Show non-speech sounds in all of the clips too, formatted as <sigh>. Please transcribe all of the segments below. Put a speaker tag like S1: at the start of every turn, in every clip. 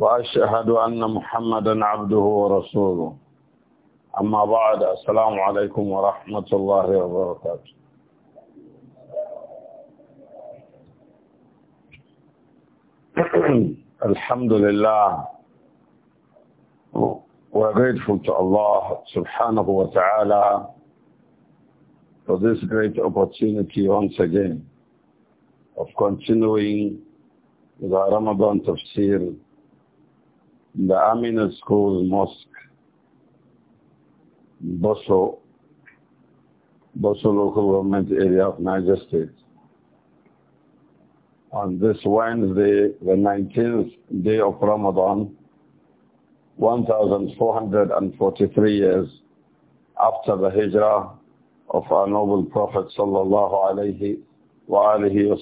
S1: وأشهد أن محمدا عبده ورسوله أما بعد السلام عليكم ورحمة الله وبركاته الحمد لله We're grateful to Allah subhanahu wa ta'ala for this great opportunity once again of continuing the Ramadan tafsir the Amina School Mosque, Boso, Boso local government area of Niger State. On this Wednesday, the 19th day of Ramadan, 1443 years after the hijrah of our noble Prophet sallallahu alayhi wa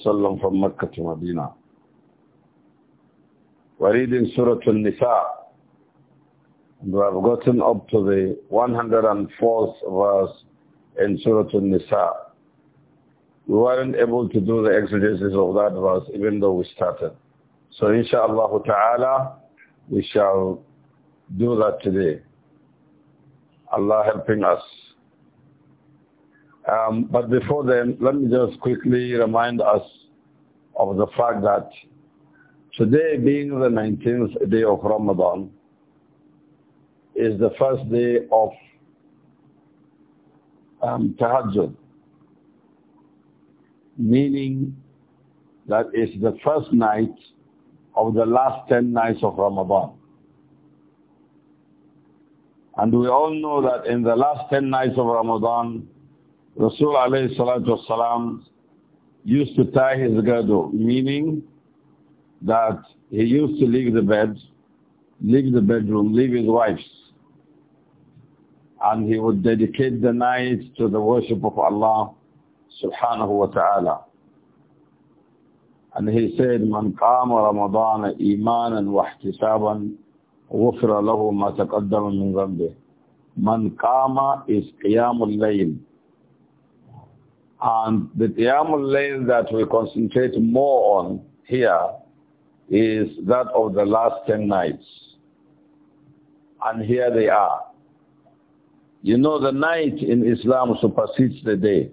S1: sallam from Mecca to Medina. We're reading Surah Al-Nisa. We have gotten up to the 104th verse in Surah Al-Nisa. We weren't able to do the exegesis of that verse even though we started. So inshallah ta'ala, we shall do that today. Allah helping us. Um, but before then, let me just quickly remind us of the fact that Today being the 19th day of Ramadan is the first day of um, Tahajjud, meaning that it's the first night of the last 10 nights of Ramadan. And we all know that in the last 10 nights of Ramadan, Rasul alayhi salatu wasalam used to tie his girdle, meaning that he used to leave the bed, leave the bedroom, leave his wives, and he would dedicate the night to the worship of Allah subhanahu wa ta'ala. And he said, من قام رمضان إيمانا واحتسابا غفر له ما تقدم من ذنبه. من قام is قيام الليل. And the qiyamul layl that we concentrate more on here is that of the last ten nights. And here they are. You know the night in Islam supersedes the day.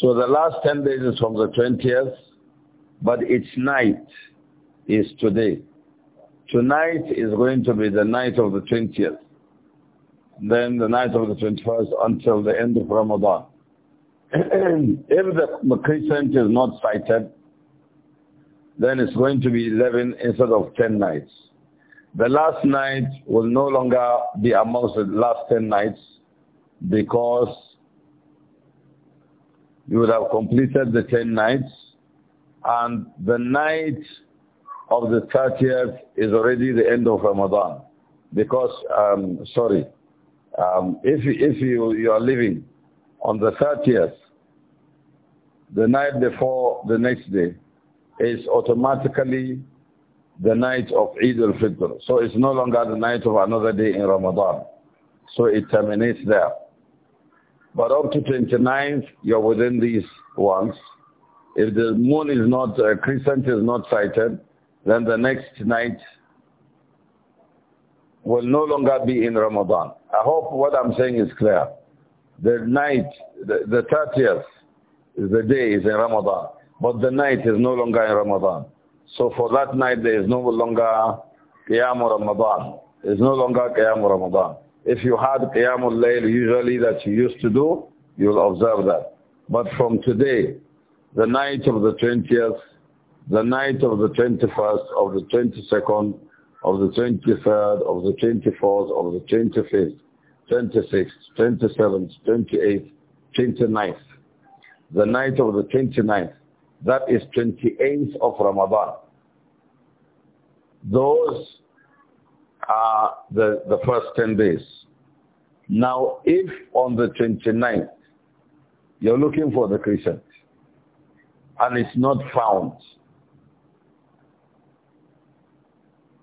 S1: So the last 10 days is from the 20th, but its night is today. Tonight is going to be the night of the 20th, then the night of the 21st until the end of Ramadan. <clears throat> if the crescent is not sighted, then it's going to be 11 instead of 10 nights. The last night will no longer be amongst the last 10 nights because you would have completed the 10 nights and the night of the 30th is already the end of Ramadan because, um, sorry, um, if, if you, you are living on the 30th, the night before the next day, is automatically the night of Eid al-Fitr. So it's no longer the night of another day in Ramadan. So it terminates there. But up to 29th, you're within these ones. If the moon is not, uh, crescent is not sighted, then the next night will no longer be in Ramadan. I hope what I'm saying is clear. The night, the, the 30th, is the day is in Ramadan. But the night is no longer in Ramadan. So for that night, there is no longer Qiyam Ramadan. There is no longer Qiyam Ramadan. If you had Qiyam al-Layl usually that you used to do, you'll observe that. But from today, the night of the 20th, the night of the 21st, of the 22nd, of the 23rd, of the 24th, of the 25th, 26th, 27th, 28th, 29th. The night of the 29th, that is 28th of Ramadan. Those are the, the first 10 days. Now, if on the 29th, you're looking for the crescent, and it's not found,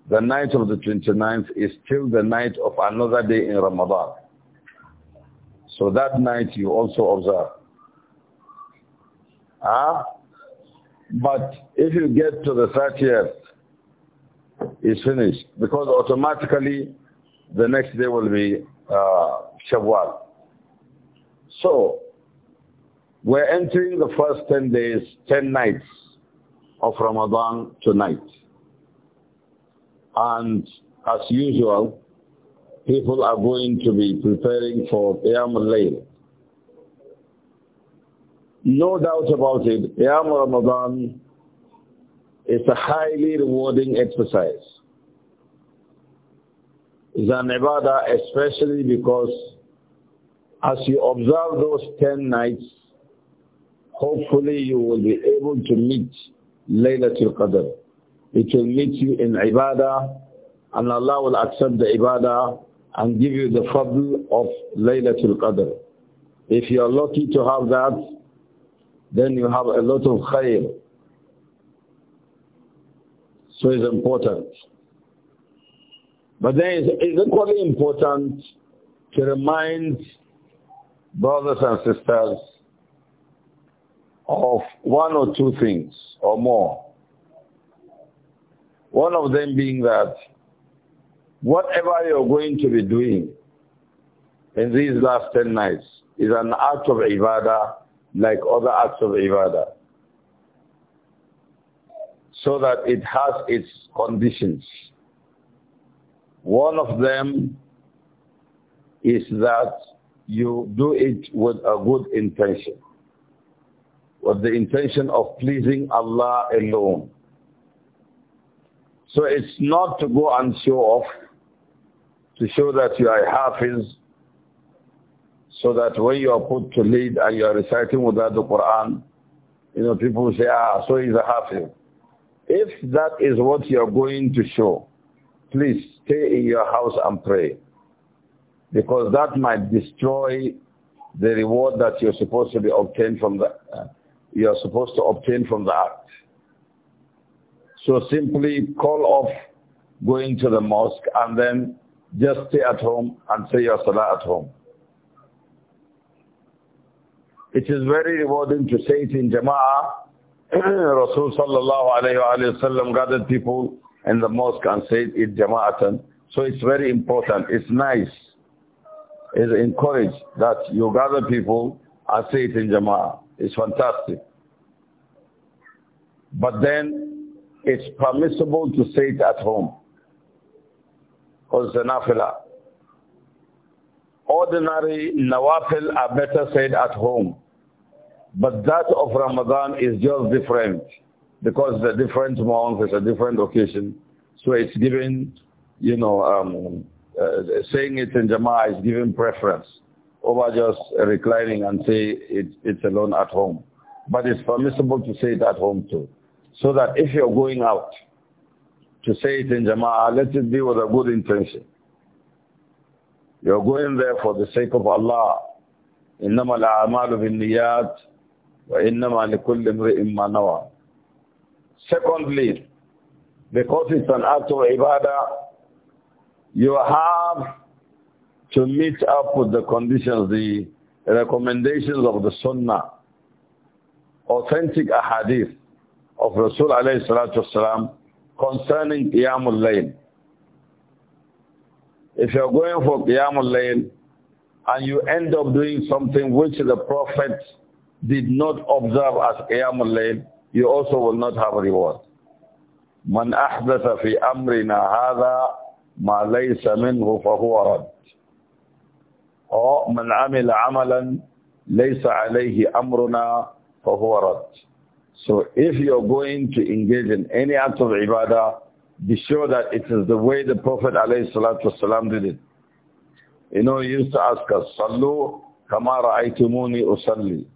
S1: the night of the 29th is still the night of another day in Ramadan. So that night you also observe. Huh? But if you get to the 30th, it's finished. Because automatically, the next day will be uh, Shawwal. So, we're entering the first 10 days, 10 nights of Ramadan tonight. And as usual, people are going to be preparing for Qiyam al-Layl. No doubt about it, Qiyam Ramadan is a highly rewarding exercise. It's an ibadah especially because as you observe those 10 nights, hopefully you will be able to meet Laylatul Qadr. It will meet you in ibadah and Allah will accept the ibadah and give you the fadl of Laylatul Qadr. If you are lucky to have that, then you have a lot of khayr. So it's important. But then it's, it's equally important to remind brothers and sisters of one or two things or more. One of them being that whatever you're going to be doing in these last 10 nights is an act of ibadah like other acts of ibadah. So that it has its conditions. One of them is that you do it with a good intention, with the intention of pleasing Allah alone. So it's not to go and show off, to show that you are hafiz, so that when you are put to lead and you are reciting without the Quran, you know, people say, ah, so he's a hafiz. If that is what you're going to show, please stay in your house and pray. Because that might destroy the reward that you're supposed to be obtained from the, uh, you're supposed to obtain from the act. So simply call off going to the mosque and then just stay at home and say your salah at home. It is very rewarding to say it in Jama'ah. <clears throat> Rasul sallallahu alayhi wa sallam gathered people in the mosque and said it Jama'atan. So it's very important. It's nice. It's encouraged that you gather people and say it in Jama'ah. It's fantastic. But then it's permissible to say it at home. Because it's nafila. Ordinary nawafil are better said at home. But that of Ramadan is just different because the different month it's a different occasion. So it's given, you know, um, uh, saying it in Jama'ah is given preference over just reclining and say it, it's alone at home. But it's permissible to say it at home too. So that if you're going out to say it in Jama'ah, let it be with a good intention. You're going there for the sake of Allah. إنما الأعمال بالنيات وَإِنَّمَا لِكُلِّ امْرِئٍ مَا نَوَى Secondly, because it's an act of ibadah, you have to meet up with the conditions, the recommendations of the sunnah, authentic ahadith of Rasul alayhi salatu wasalam concerning Qiyamul Layl. If you're going for Qiyamul Layl and you end up doing something which the Prophet did not observe as Qiyamul Layl, you also will not have reward. من أحدث في أمرنا هذا ما ليس منه فهو رد. أو من عمل عملا ليس عليه أمرنا فهو رد. So if you're going to engage in any act of ibadah, be sure that it is the way the Prophet ﷺ did it. You know, he used to ask us, Sallu كما رأيتموني أصلي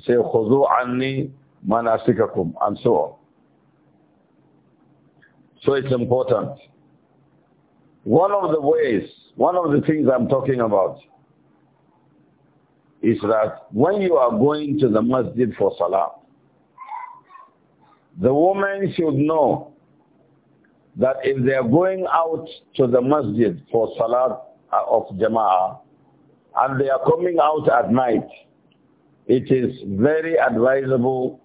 S1: say, خُذُوا عَنِّي manasikakum, and so on. So it's important. One of the ways, one of the things I'm talking about is that when you are going to the masjid for salah, the woman should know that if they are going out to the masjid for salah of jama'ah and they are coming out at night, it is very advisable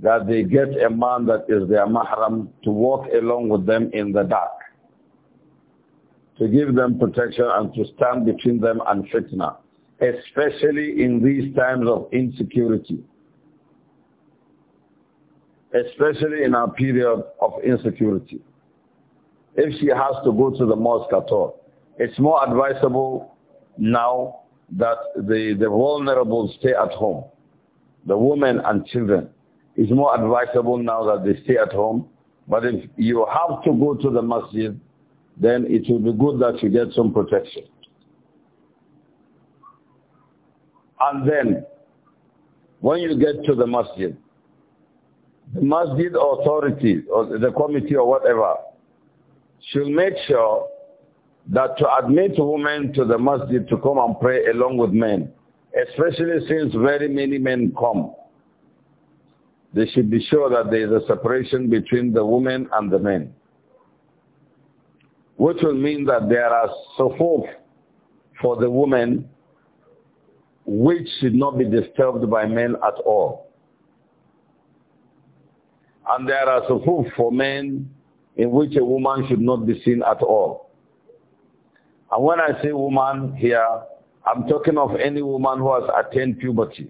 S1: that they get a man that is their mahram to walk along with them in the dark, to give them protection and to stand between them and fitna, especially in these times of insecurity, especially in our period of insecurity. If she has to go to the mosque at all, it's more advisable now that the, the vulnerable stay at home, the women and children. It's more advisable now that they stay at home. But if you have to go to the masjid, then it will be good that you get some protection. And then, when you get to the masjid, the masjid authority or the committee or whatever should make sure that to admit women to the masjid to come and pray along with men, especially since very many men come, they should be sure that there is a separation between the women and the men. Which will mean that there are sufuf for the women which should not be disturbed by men at all. And there are sufuf for men in which a woman should not be seen at all. And when I say woman here, I'm talking of any woman who has attained puberty.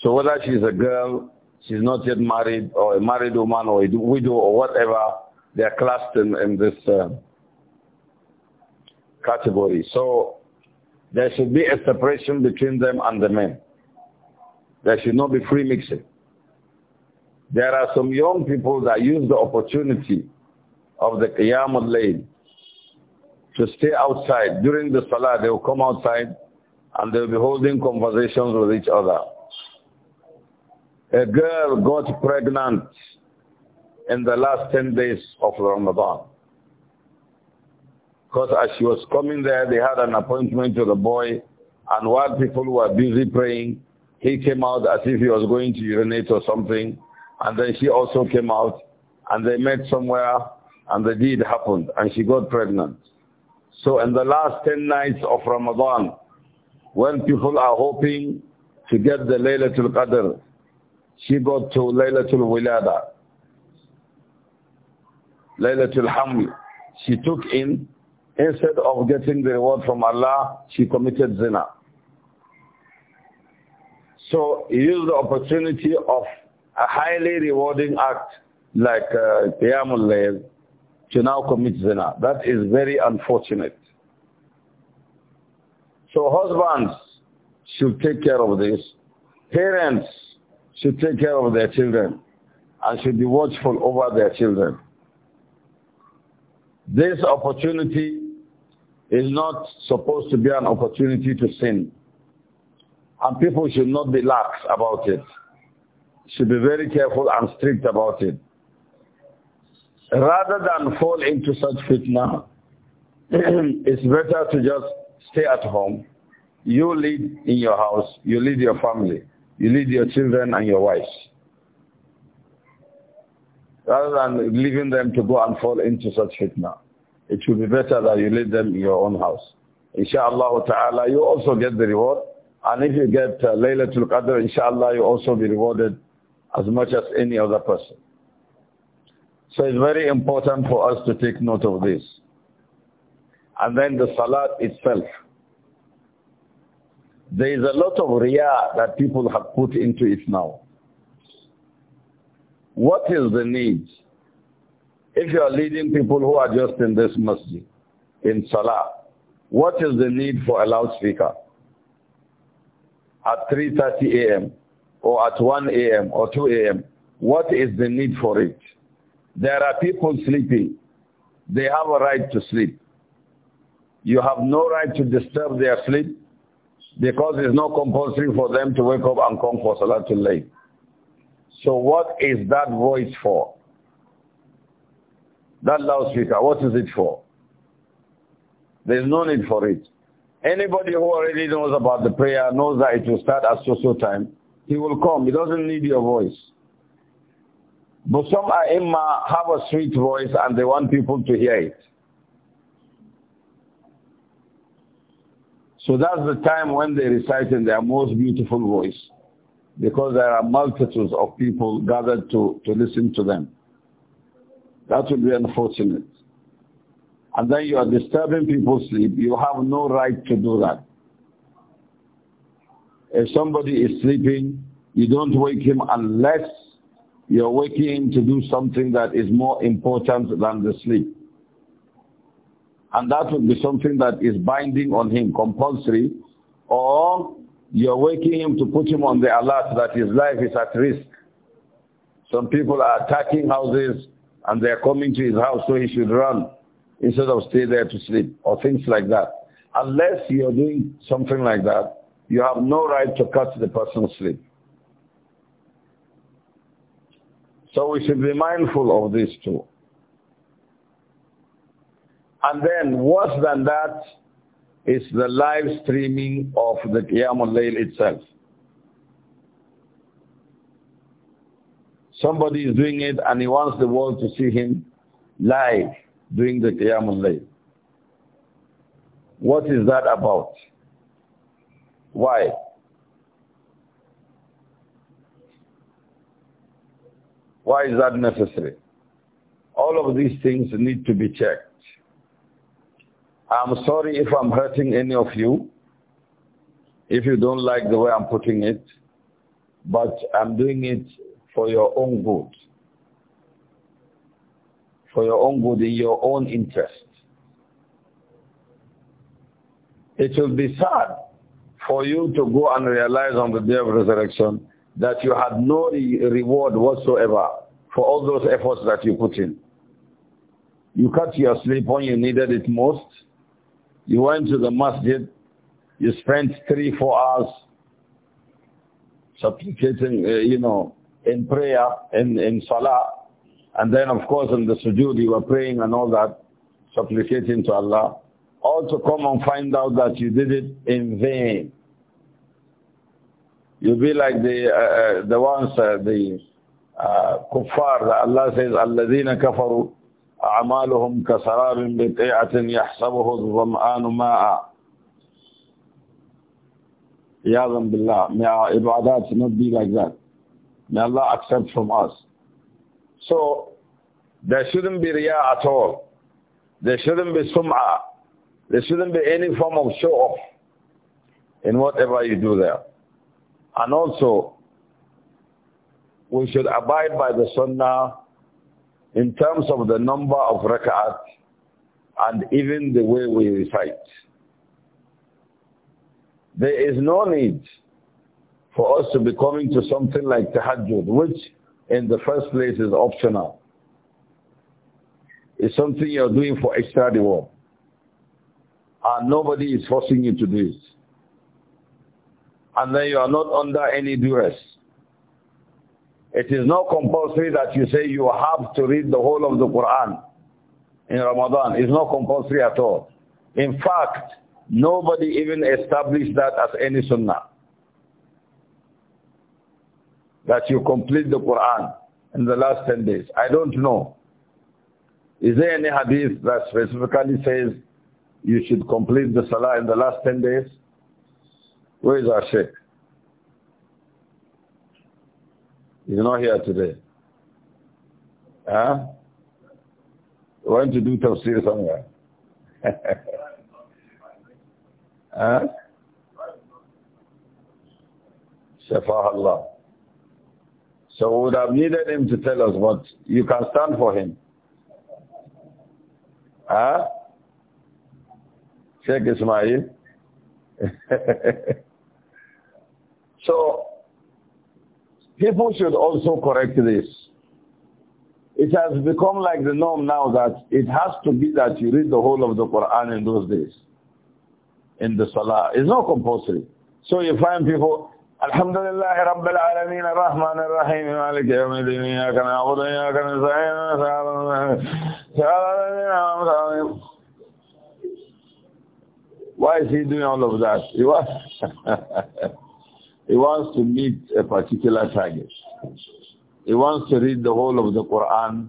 S1: So whether she's a girl, she's not yet married, or a married woman, or a widow, or whatever, they are classed in, in this uh, category. So there should be a separation between them and the men. There should not be free mixing. There are some young people that use the opportunity of the Qiyam al-Layl to stay outside. During the salah, they will come outside and they will be holding conversations with each other. A girl got pregnant in the last 10 days of Ramadan. Because as she was coming there, they had an appointment with a boy, and while people were busy praying, he came out as if he was going to urinate or something, and then she also came out, and they met somewhere, and the deed happened, and she got pregnant. So in the last 10 nights of Ramadan, when people are hoping to get the Laylatul Qadr, she got to Laylatul Wilada, Laylatul Haml. She took in, instead of getting the reward from Allah, she committed zina. So he used the opportunity of a highly rewarding act like uh, Qiyamul Layl to now commit zina. That is very unfortunate. So husbands should take care of this. Parents should take care of their children and should be watchful over their children. This opportunity is not supposed to be an opportunity to sin. And people should not be lax about it. Should be very careful and strict about it rather than fall into such fitna, <clears throat> it's better to just stay at home. You lead in your house, you lead your family, you lead your children and your wives. Rather than leaving them to go and fall into such fitna, it should be better that you lead them in your own house. Inshallah ta'ala, you also get the reward. And if you get uh, Laylatul Qadr, inshallah, you also be rewarded as much as any other person. So it's very important for us to take note of this. And then the salat itself. There is a lot of riyah that people have put into it now. What is the need? If you are leading people who are just in this masjid, in salah, what is the need for a loudspeaker? At 3.30 a.m. or at 1 a.m. or 2 a.m., what is the need for it? There are people sleeping. They have a right to sleep. You have no right to disturb their sleep because it's not compulsory for them to wake up and come for Salatul Layl. So what is that voice for? That loudspeaker, what is it for? There's no need for it. Anybody who already knows about the prayer knows that it will start at so-so time. He will come. He doesn't need your voice. But some ai have a sweet voice and they want people to hear it. So that's the time when they recite in their most beautiful voice because there are multitudes of people gathered to, to listen to them. That would be unfortunate. And then you are disturbing people's sleep. You have no right to do that. If somebody is sleeping, you don't wake him unless you're waking to do something that is more important than the sleep. And that would be something that is binding on him, compulsory, or you're waking him to put him on the alert that his life is at risk. Some people are attacking houses and they're coming to his house so he should run instead of stay there to sleep or things like that. Unless you're doing something like that, you have no right to cut the person's sleep. So we should be mindful of these two. And then worse than that is the live streaming of the Qiyamul Layl itself. Somebody is doing it and he wants the world to see him live doing the Qiyamul Layl. What is that about? Why? Why is that necessary? All of these things need to be checked. I'm sorry if I'm hurting any of you, if you don't like the way I'm putting it, but I'm doing it for your own good, for your own good in your own interest. It will be sad for you to go and realize on the day of resurrection that you had no re reward whatsoever for all those efforts that you put in. You cut your sleep when you needed it most. You went to the masjid. You spent three, four hours supplicating, uh, you know, in prayer, in, in salah. And then, of course, in the sujood, you were praying and all that, supplicating to Allah. Also come and find out that you did it in vain. You'll be like the, uh, uh, the ones, uh, the uh, kuffar, Allah says, kafaru amaluhum أَعْمَالُهُمْ كَسَرَابٍ yahsabuhu يَحْسَبُهُ الظَّمْآنُ ma'a." Yadam Billah, may our ibadat not be like that. May Allah accept from us. So, there shouldn't be riya at all. There shouldn't be sum'a. There shouldn't be any form of show-off in whatever you do there. And also, we should abide by the sunnah in terms of the number of rak'at and even the way we recite. There is no need for us to be coming to something like tahajjud, which in the first place is optional. It's something you're doing for extra reward. And nobody is forcing you to do it and then you are not under any duress. It is not compulsory that you say you have to read the whole of the Quran in Ramadan. It's not compulsory at all. In fact, nobody even established that as any sunnah. That you complete the Quran in the last 10 days. I don't know. Is there any hadith that specifically says you should complete the salah in the last 10 days? Where is our sheikh? He's not here today. Huh? Went to do tafsir somewhere. <laughs> huh? Shafah Allah. So we would have needed him to tell us what you can stand for him. Huh? Sheikh Ismail. <laughs> So people should also correct this. It has become like the norm now that it has to be that you read the whole of the Quran in those days, in the Salah. It's not compulsory. So you find people, الحمد لله رب العالمين الرحمن الرحيم مالك يوم الدين إياك نعبد وإياك نستعين Why is he doing all of that? <laughs> He wants to meet a particular target. He wants to read the whole of the Quran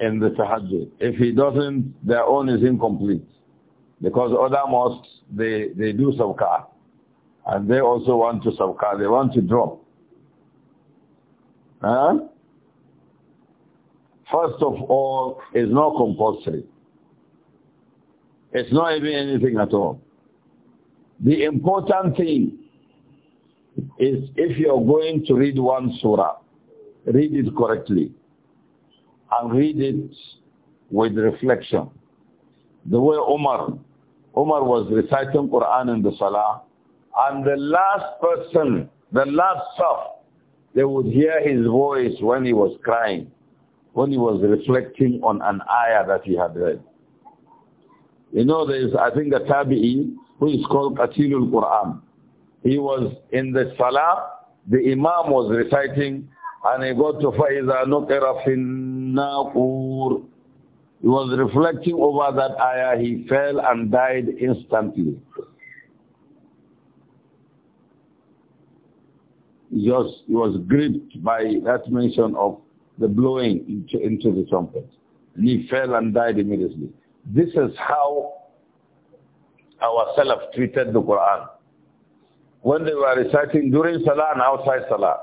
S1: in the tahajjud. If he doesn't, their own is incomplete. Because other mosques, they, they do sabqa. And they also want to sabqa. They want to drop. Huh? First of all, it's not compulsory. It's not even anything at all. The important thing is if you're going to read one surah, read it correctly and read it with reflection. The way Omar, Omar was reciting Quran in the Salah and the last person, the last self, they would hear his voice when he was crying, when he was reflecting on an ayah that he had read. You know, there is, I think, a tabi'i who is called Qatilul Quran. He was in the salah, the imam was reciting, and he got to فَإِذَا نُقِرَ فِي النَّاقُورِ He was reflecting over that ayah, he fell and died instantly. He was, he was gripped by that mention of the blowing into, into the trumpet. And he fell and died immediately. This is how our Salaf treated the Quran when they were reciting during Salah and outside Salah.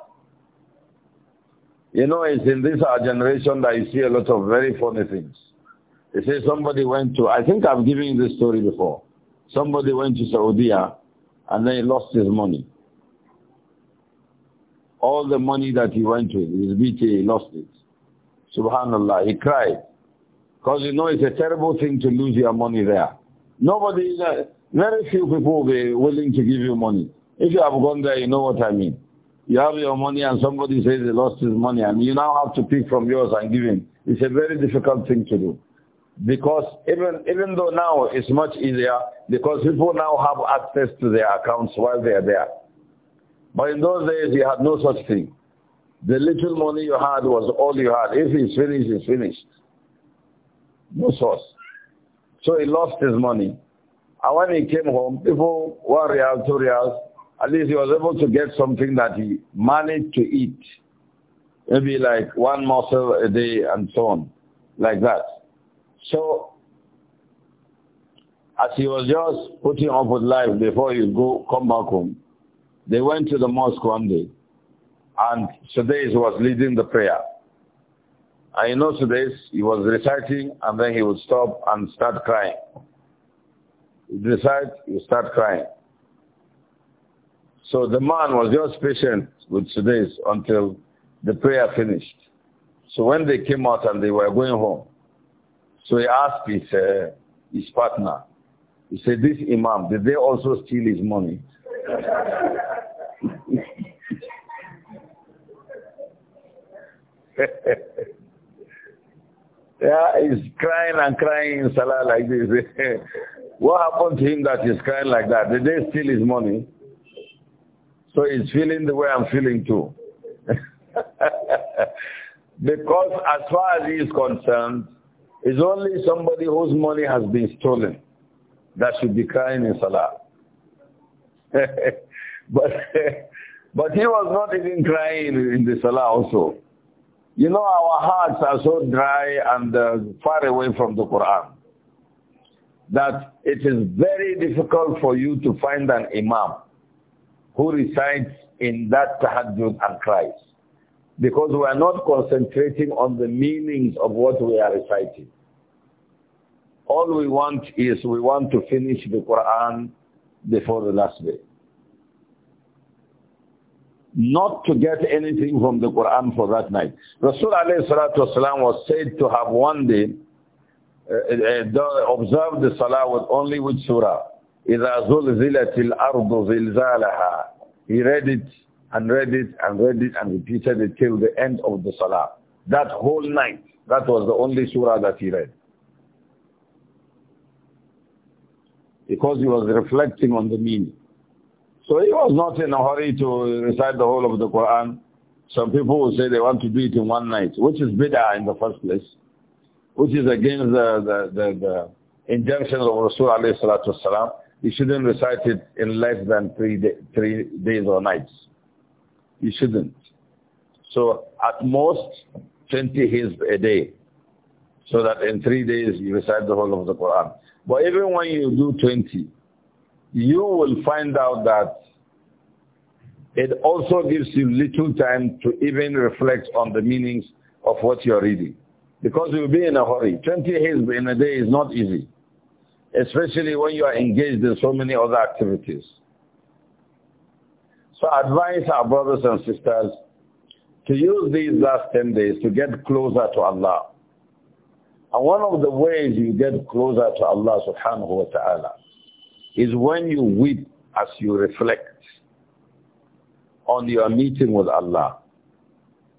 S1: You know, it's in this our generation that you see a lot of very funny things. They say somebody went to, I think I've given you this story before. Somebody went to Saudi and then he lost his money. All the money that he went to, his BT, he lost it. Subhanallah, he cried. Because you know it's a terrible thing to lose your money there. Nobody, uh, very few people will be willing to give you money. If you have gone there, you know what I mean. You have your money and somebody says he lost his money and you now have to pick from yours and give him. It's a very difficult thing to do. Because even, even though now it's much easier, because people now have access to their accounts while they are there. But in those days, you had no such thing. The little money you had was all you had. If it's finished, it's finished. No source. So he lost his money. And when he came home, people, one real, two reals, at least he was able to get something that he managed to eat. Maybe like one morsel a day and so on, like that. So as he was just putting up with life before he go come back home, they went to the mosque one day, and Sudais was leading the prayer. And you know Sudais, he was reciting, and then he would stop and start crying. He'd recite, he would start crying. So the man was just patient with Sudais until the prayer finished. So when they came out and they were going home, so he asked his, uh, his partner, he said, this imam, did they also steal his money? <laughs> yeah, he's crying and crying in Salah like this. <laughs> what happened to him that he's crying like that? Did they steal his money? So he's feeling the way I'm feeling too. <laughs> because as far as he is concerned, it's only somebody whose money has been stolen that should be crying in Salah. <laughs> but, <laughs> but he was not even crying in the Salah also. You know, our hearts are so dry and uh, far away from the Quran that it is very difficult for you to find an imam who resides in that tahajjud and cries. Because we are not concentrating on the meanings of what we are reciting. All we want is we want to finish the Quran before the last day. Not to get anything from the Quran for that night. Rasul was said to have one day uh, uh, observed the Salah with only with Surah. إِذَا زُلْزِلَتِ الْأَرْضُ زِلْزَالَهَا He read it and read it and read it and repeated it till the end of the salah. That whole night, that was the only surah that he read. Because he was reflecting on the meaning. So he was not in a hurry to recite the whole of the Quran. Some people will say they want to do it in one night, which is bid'ah in the first place, which is against the, the, the, the injunctions of Rasul alayhi salatu wasalam. You shouldn't recite it in less than three, day, three days or nights. You shouldn't. So at most 20 hizb a day. So that in three days you recite the whole of the Quran. But even when you do 20, you will find out that it also gives you little time to even reflect on the meanings of what you're reading. Because you'll be in a hurry. 20 hizb in a day is not easy especially when you are engaged in so many other activities. So advise our brothers and sisters to use these last 10 days to get closer to Allah. And one of the ways you get closer to Allah subhanahu wa ta'ala is when you weep as you reflect on your meeting with Allah,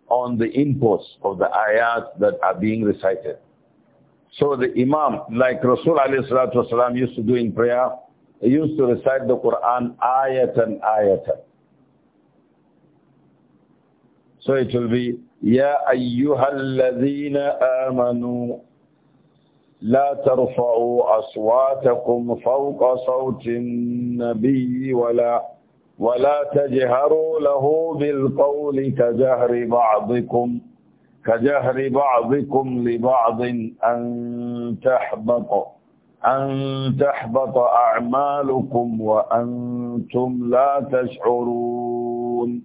S1: on the inputs of the ayat that are being recited. So the Imam, like Rasul والسلام, used to do in prayer, he used to recite the Quran ayatan ayatan. So it will be, يا أيها الذين آمنوا لا ترفعوا أصواتكم فوق صوت النبي ولا ولا تجهروا له بالقول كجهر بعضكم كجهر بعضكم لبعض أن تحبط أن تحبط أعمالكم وأنتم لا تشعرون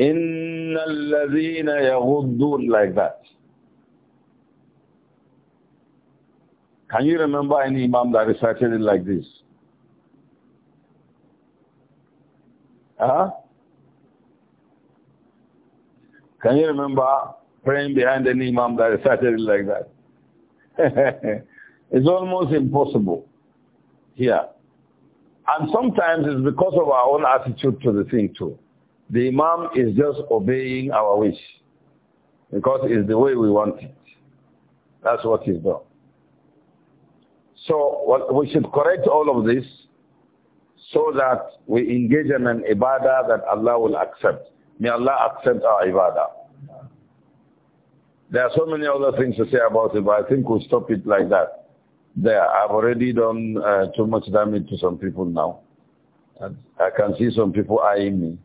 S1: إن الذين يغضون like that Can you remember any imam that recited it like this? Huh? Can you remember praying behind an imam that recited it like that? <laughs> it's almost impossible here. And sometimes it's because of our own attitude to the thing too. The imam is just obeying our wish because it's the way we want it. That's what he's done. So we should correct all of this so that we engage in an ibadah that Allah will accept. May Allah accept our ibadah. There are so many other things to say about it, but I think we'll stop it like that. There, I've already done uh, too much damage to some people now. I can see some people eyeing me.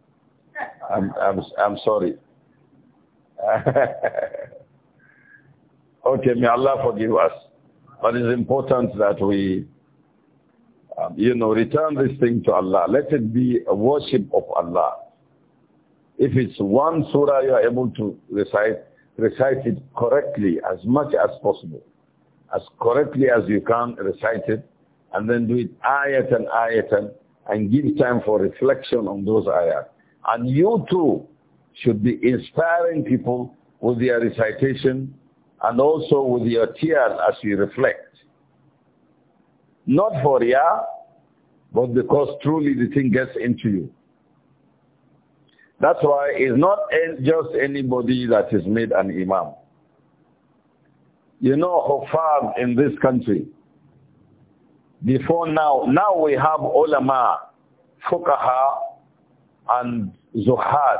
S1: I'm, I'm, I'm sorry. <laughs> okay, may Allah forgive us. But it's important that we, um, you know, return this thing to Allah. Let it be a worship of Allah. If it's one surah you are able to recite, recite it correctly as much as possible. As correctly as you can recite it and then do it ayat and ayat and give time for reflection on those ayat. And you too should be inspiring people with your recitation and also with your tears as you reflect. Not for ya, but because truly the thing gets into you. That's why it's not just anybody that is made an imam. You know, far in this country, before now, now we have ulama, fuqaha, and zuhad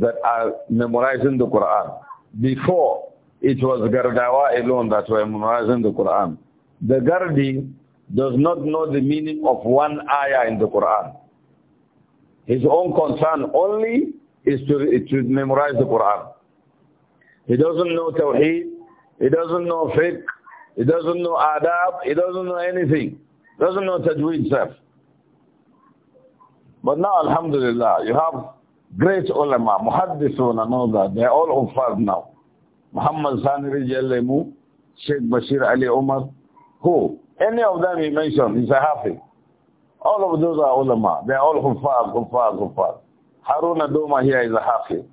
S1: that are memorizing the Quran. Before, it was Gardawa alone that were memorizing the Quran. The Gardi does not know the meaning of one ayah in the Quran. His own concern only is to, to memorize the Quran. He doesn't know Tawheed. He doesn't know fiqh. He doesn't know adab. He doesn't know anything. Doesn't know tajweed self. But now, alhamdulillah, you have great ulama, muhaddithun and all that. They're all ufad now. Muhammad Sanri Jalemu, Sheikh Bashir Ali Umar, who? Any of them he mentioned, is a hafiz. All of those are ulama. They're all kuffar, kuffar, kuffar. Harun Adoma here is a hafiz.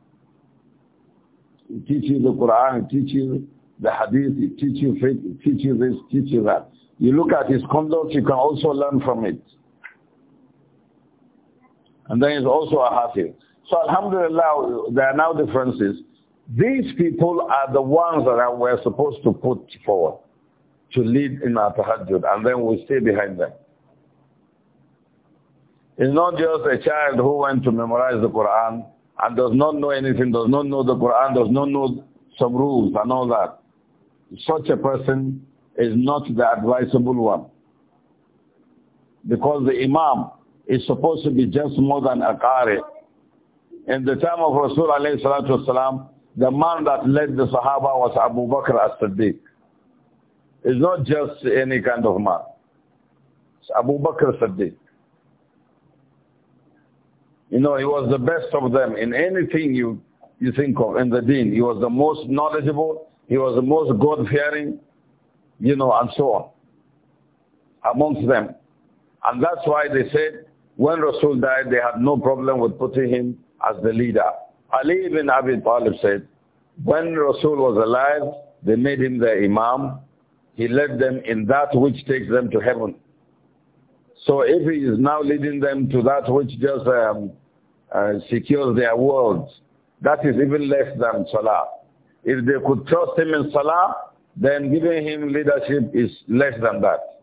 S1: He teaches the Quran, he teaches the hadith, he teaches faith, he teaches this, teaches that. You look at his conduct, you can also learn from it. And then he's also a hafiz. So alhamdulillah, there are now differences. These people are the ones that we're supposed to put forward to lead in our tahajjud, and then we stay behind them. It's not just a child who went to memorize the Quran and does not know anything, does not know the Quran, does not know some rules and all that. Such a person is not the advisable one. Because the Imam is supposed to be just more than a qari. In the time of Rasul alayhi the man that led the Sahaba was Abu Bakr as-Siddiq. It's not just any kind of man. It's Abu Bakr as-Siddiq. You know, he was the best of them in anything you, you think of in the deen. He was the most knowledgeable. He was the most God-fearing, you know, and so on amongst them. And that's why they said when Rasul died, they had no problem with putting him as the leader. Ali ibn Abi Talib said, when Rasul was alive, they made him their imam. He led them in that which takes them to heaven. So if he is now leading them to that which just um, and secures their world. That is even less than Salah. If they could trust him in Salah, then giving him leadership is less than that.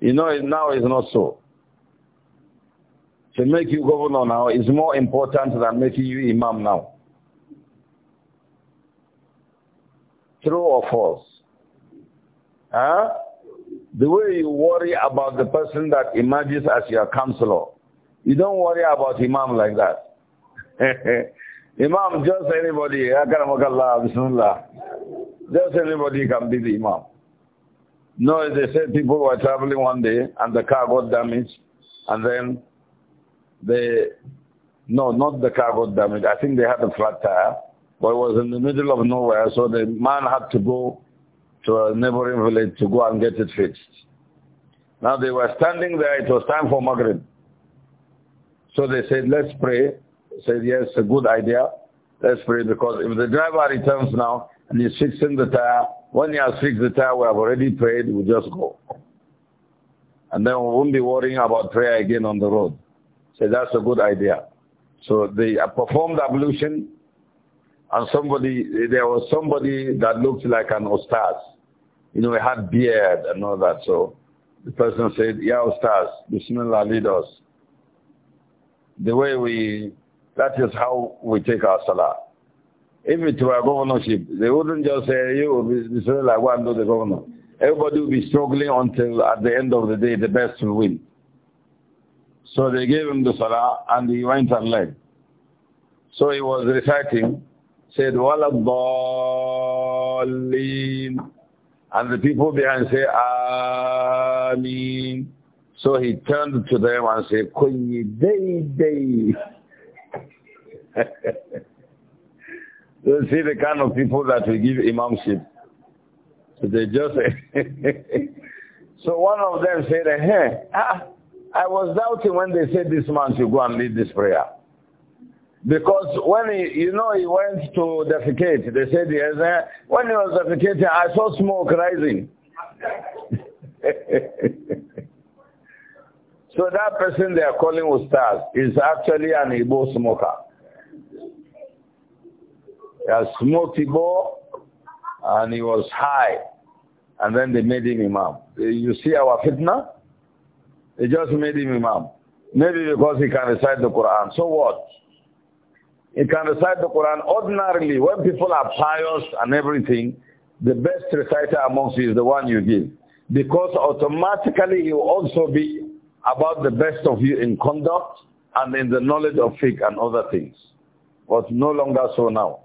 S1: You know, now it's not so. To make you governor now is more important than making you imam now. True or false? Huh? The way you worry about the person that emerges as your counselor, you don't worry about Imam like that. <laughs> imam, just anybody, Bismillah. Just anybody can be the Imam. No, they said people were traveling one day and the car got damaged and then they, no, not the car got damaged. I think they had a flat tire, but it was in the middle of nowhere, so the man had to go to a neighboring village to go and get it fixed. Now they were standing there, it was time for Maghrib. So they said, let's pray. I said, yes, a good idea. Let's pray because if the driver returns now and he's fixing the tire, when he has fixed the tire, we have already prayed, we just go. And then we won't be worrying about prayer again on the road. So that's a good idea. So they performed ablution and somebody, there was somebody that looked like an ustaz. You know, he had beard and all that. So the person said, yeah, ustaz, Bismillah, lead us the way we, that is how we take our salah. If it were governorship, they wouldn't just say, you, Bismillah, like one, do the governor. Everybody will be struggling until at the end of the day, the best will win. So they gave him the salah and he went and led. So he was reciting, said, وَلَضَّالِينَ And the people behind say, Ameen. So he turned to them and said, Kunyi day day. you see the kind of people that we give imamship. So they just... <laughs> so one of them said, hey, ah, I was doubting when they said this man should go and lead this prayer. Because when he, you know, he went to defecate, they said, yes, eh, when he was defecating, I saw smoke rising. <laughs> So that person they are calling Ustaz is actually an Igbo smoker. He has smoked Igbo and he was high. And then they made him Imam. Eh, you see our fitna? They just made him Imam. Maybe because he can recite the Quran. So what? He can recite the Quran. Ordinarily, when people are pious and everything, the best reciter amongst you is the one you give. Because automatically he will also be about the best of you in conduct and in the knowledge of fiqh and other things. But no longer so now.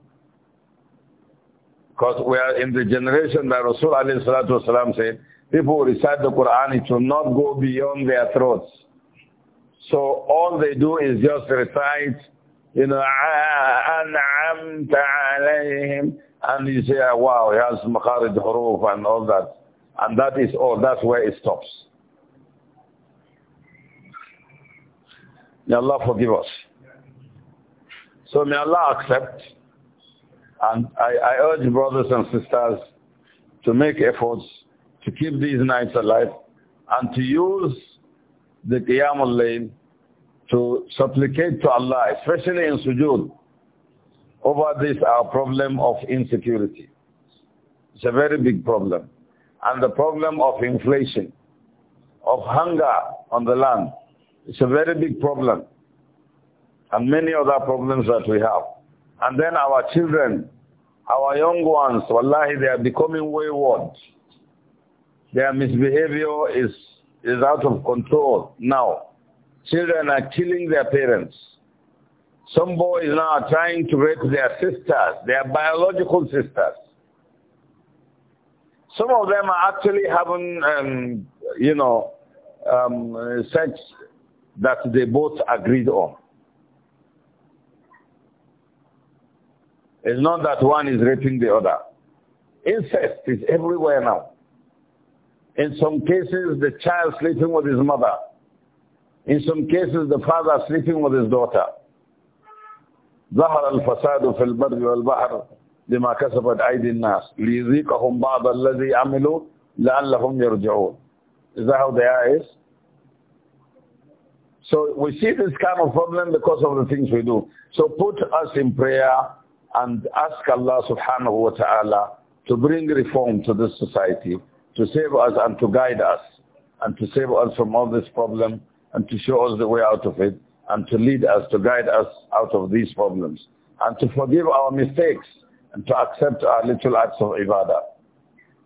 S1: Because we are in the generation that Rasul alayhi salatu wasalam said, people who recite the Quran, it will not go beyond their throats. So all they do is just recite, you know, أَنْعَمْتَ عَلَيْهِمْ And you say, wow, he has makharij huruf and all that. And that is all. That's where it stops. May Allah forgive us. So may Allah accept. And I, I urge brothers and sisters to make efforts to keep these nights alive and to use the Qiyamul Layl to supplicate to Allah, especially in sujood, over this our problem of insecurity. It's a very big problem. And the problem of inflation, of hunger on the land. It's a very big problem. And many other problems that we have. And then our children, our young ones, wallahi, they are becoming wayward. Their misbehavior is, is out of control now. Children are killing their parents. Some boys now are trying to rape their sisters, their biological sisters. Some of them are actually having, um, you know, um, sex that they both agreed on. It's not that one is raping the other. Incest is everywhere now. In some cases, the child sleeping with his mother. In some cases, the father sleeping with his daughter. ظهر الفساد في البر والبحر بما كسبت أيدي الناس ليذيقهم بعض الذي عملوا لعلهم يرجعون. Is that how Is? So we see this kind of problem because of the things we do. So put us in prayer and ask Allah subhanahu wa ta'ala to bring reform to this society, to save us and to guide us, and to save us from all this problem, and to show us the way out of it, and to lead us, to guide us out of these problems, and to forgive our mistakes, and to accept our little acts of ibadah.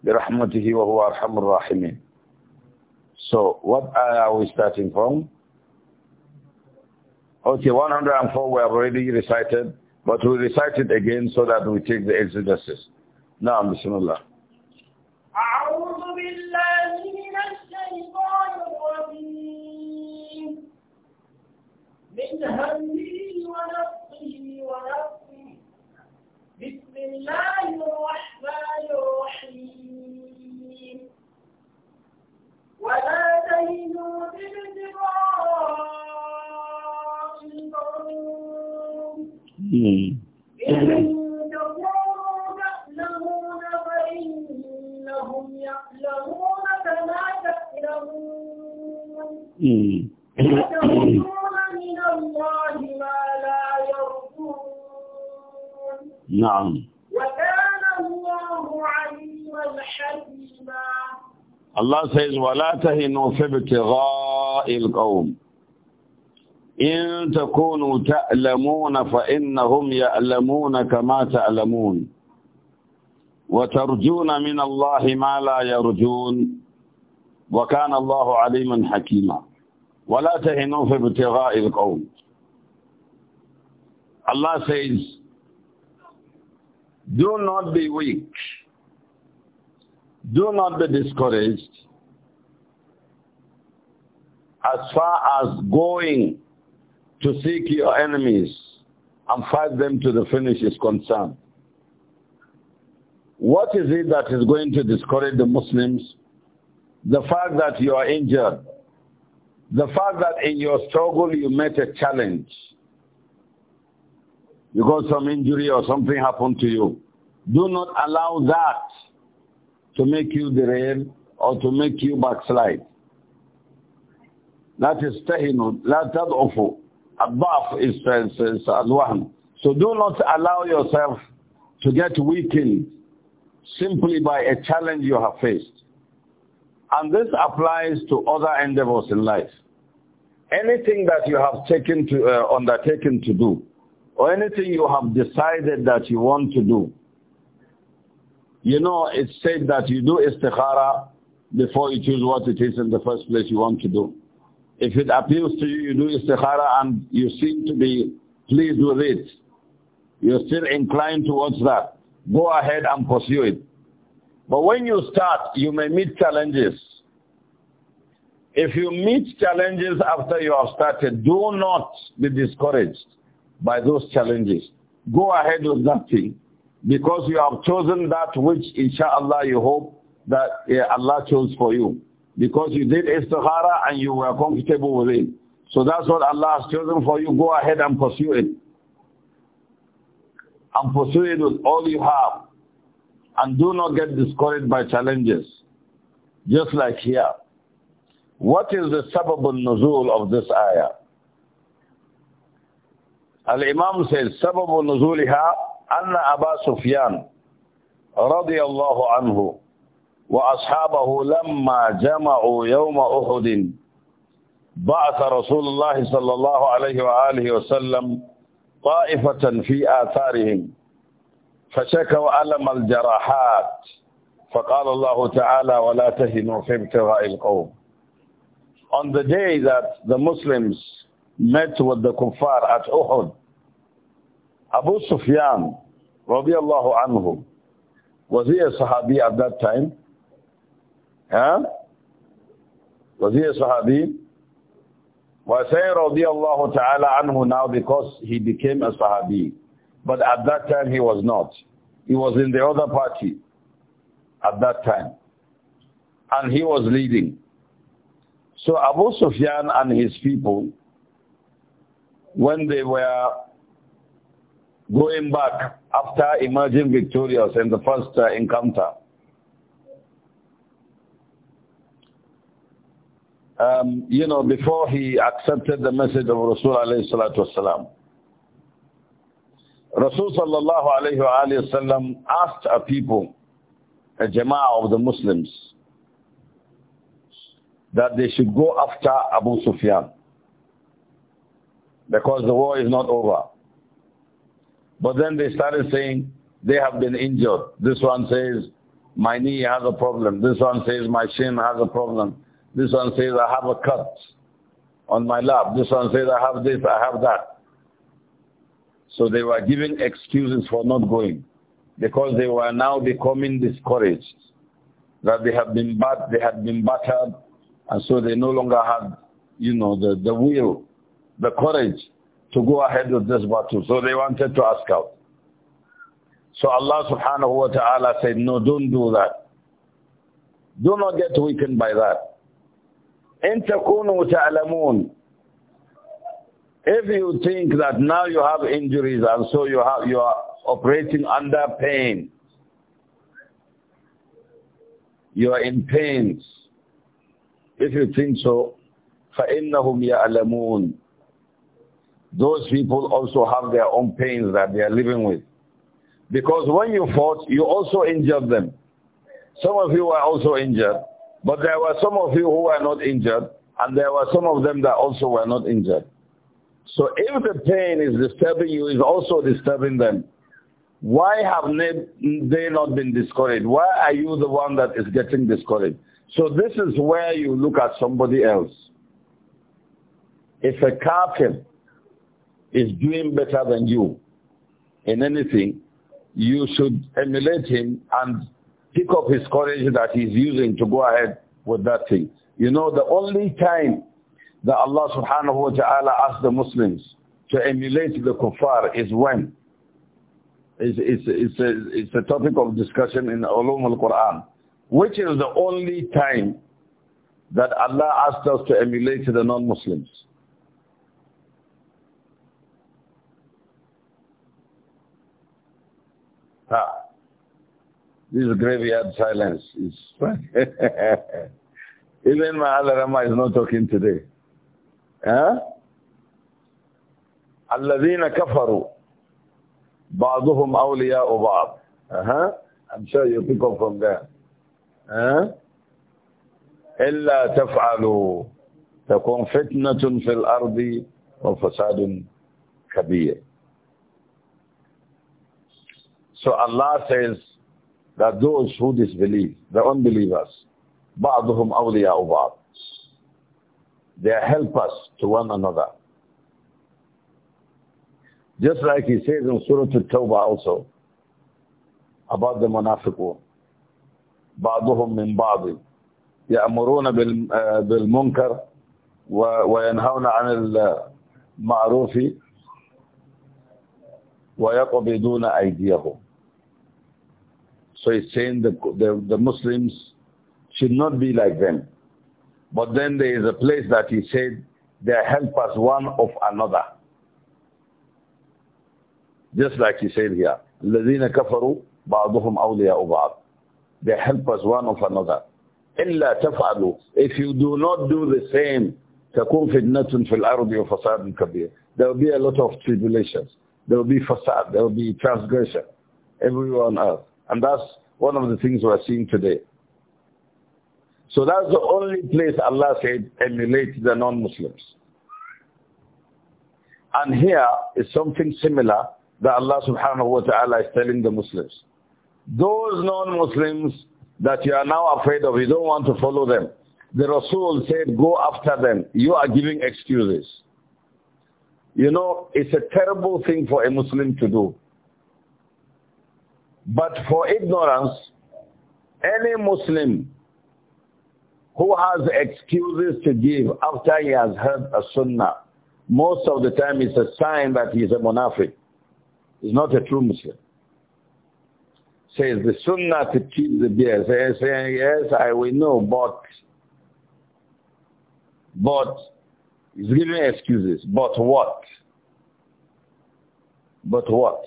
S1: برحمته وهو أرحم الراحمين. So what are we starting from? Okay, 104 we have already recited, but we recite it again so that we take the exegesis. Now, Bismillah. بسم الله الرحمن الرحيم ولا تهنوا إيه. إيه. من الله ما لا نعم وكان الله عليما حليما الله سيد ولا تهنوا في ابتغاء القوم تكونوا تألمون فإنهم يألمون كما تألمون وترجون من الله ما لا يرجون وكان الله عليما حكيما ولا تهنوا في ابتغاء القوم Allah says do not be weak do not be discouraged as far as going to seek your enemies and fight them to the finish is concerned. What is it that is going to discourage the Muslims? The fact that you are injured. The fact that in your struggle you met a challenge. You got some injury or something happened to you. Do not allow that to make you derail or to make you backslide. That is تهنوا لا Above uh, is, is, is So do not allow yourself to get weakened simply by a challenge you have faced. And this applies to other endeavors in life. Anything that you have taken to, uh, undertaken to do, or anything you have decided that you want to do, you know, it's said that you do istikhara before you choose what it is in the first place you want to do. If it appeals to you, you do istikhara and you seem to be pleased with it. You're still inclined towards that. Go ahead and pursue it. But when you start, you may meet challenges. If you meet challenges after you have started, do not be discouraged by those challenges. Go ahead with that thing because you have chosen that which, inshallah, you hope that yeah, Allah chose for you because you did istikhara and you were comfortable with it. So that's what Allah has chosen for you. Go ahead and pursue it. And pursue it with all you have. And do not get discouraged by challenges. Just like here. What is the al nuzul of this ayah? Al-Imam says, sababun nuzuliha anna Aba Sufyan radiyallahu anhu وأصحابه لما جمعوا يوم أحد بعث رسول الله صلى الله عليه وآله وسلم طائفة في آثارهم فشكوا ألم الجراحات فقال الله تعالى ولا تهنوا في ابتغاء القوم On the day that the Muslims met with the kuffar at Uhud, Abu Sufyan, الله anhu, was he a Sahabi at that time? ها وزير Sahabi Wasai radiallahu ta'ala anhu now because he became a Sahabi. But at that time he was not. He was in the other party at that time. And he was leading. So Abu Sufyan and his people, when they were going back after emerging victorious in the first uh, encounter, um, you know, before he accepted the message of Rasul alayhi salatu wasalam. Rasul sallallahu alayhi wa, sallam asked a people, a jama'ah of the Muslims, that they should go after Abu Sufyan because the war is not over. But then they started saying they have been injured. This one says, my knee has a problem. This one says, my shin has a problem. This one says, I have a cut on my lap. This one says, I have this, I have that. So they were giving excuses for not going because they were now becoming discouraged that they had been bat they had been battered and so they no longer had you know the, the will the courage to go ahead with this battle so they wanted to ask out so allah subhanahu wa ta'ala said no don't do that do not get weakened by that إن تكونوا if you think that now you have injuries and so you, have, you are operating under pain, you are in pains. If you think so, فَإِنَّهُمْ يَعْلَمُونَ Those people also have their own pains that they are living with. Because when you fought, you also injured them. Some of you were also injured. But there were some of you who were not injured, and there were some of them that also were not injured. So if the pain is disturbing you, is also disturbing them. Why have they not been discouraged? Why are you the one that is getting discouraged? So this is where you look at somebody else. If a captain is doing better than you in anything, you should emulate him and pick up his courage that he's using to go ahead with that thing. You know, the only time that Allah subhanahu wa ta'ala asks the Muslims to emulate the kuffar is when? It's, it's, it's, a, it's a topic of discussion in Ulum al-Quran. Which is the only time that Allah asked us to emulate the non-Muslims? Ha. This graveyard silence is... <laughs> Even my other Rama is not talking today. Huh? الذين كفروا بعضهم أولياء بعض uh-huh. I'm sure you pick up from there huh? إلا تفعلوا تكون فتنة في الأرض وفساد كبير So Allah says that those who disbelieve, the unbelievers, بعضهم أولياء بعض. They help us to one another. Just like he says in Surah al tawbah also, about the munafiqun. بعضهم من بعض يأمرون بالمنكر وينهون عن المعروف ويقبضون أيديهم So he's saying the, the, the Muslims should not be like them. But then there is a place that he said, they help us one of another. Just like he said here, الَّذِينَ كَفَرُوا بَعْضُهُمْ أَوْلِيَاءُ بَعْضٍ They help us one of another. إِلَّا تَفْعَلُوا If you do not do the same, تَكُنْ فِتْنَةٌ فِي الْأَرْضِ وَفَسَادٌ كَبِيرٌ There will be a lot of tribulations. There will be facade. There will be transgression everywhere on earth. And that's one of the things we're seeing today. So that's the only place Allah said emulate the non-Muslims. And here is something similar that Allah subhanahu wa ta'ala is telling the Muslims. Those non-Muslims that you are now afraid of, you don't want to follow them. The Rasul said, go after them. You are giving excuses. You know, it's a terrible thing for a Muslim to do. But for ignorance, any Muslim who has excuses to give after he has heard a sunnah, most of the time it's a sign that he is a munafiq. He's not a true Muslim. Says the sunnah to keep the beard. Says, yes, I will know, but, but, he's giving excuses. But what? But what?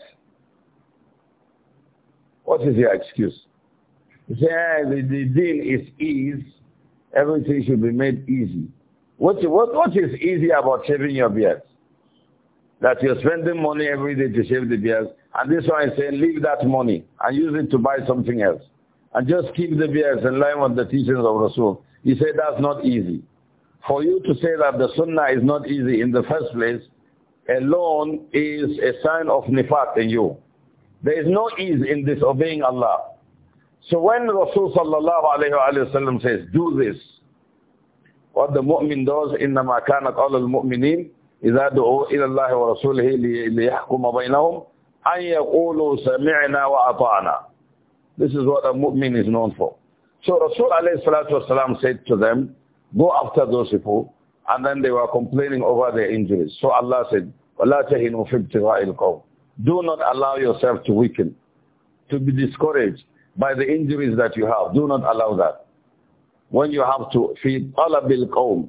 S1: What is your excuse? You say, ah, the, the deal is ease. Everything should be made easy. What, what, what is easy about shaving your beard? That you're spending money every day to shave the beard. And this one is saying, leave that money and use it to buy something else. And just keep the beards in line with the teachings of Rasul. He said, that's not easy. For you to say that the sunnah is not easy in the first place, alone is a sign of nifat in you. There is no ease in this obeying Allah. So when Rasul sallallahu alayhi wa sallam says, do this, what the mu'min does, إِنَّمَا كَانَتْ عَلَى الْمُؤْمِنِينَ إِذَا دُعُوا إِلَى اللَّهِ وَرَسُولِهِ لِيَحْكُمَ بَيْنَهُمْ أَنْ يَقُولُوا سَمِعْنَا وَأَطَعْنَا This is what a mu'min is known for. So Rasul alayhi salatu wasalam said to them, go after those people, and then they were complaining over their injuries. So Allah said, وَلَا تَهِنُوا فِي ابْتِغَاءِ الْقَوْمِ do not allow yourself to weaken, to be discouraged by the injuries that you have. Do not allow that. When you have to feed allah bil qawm,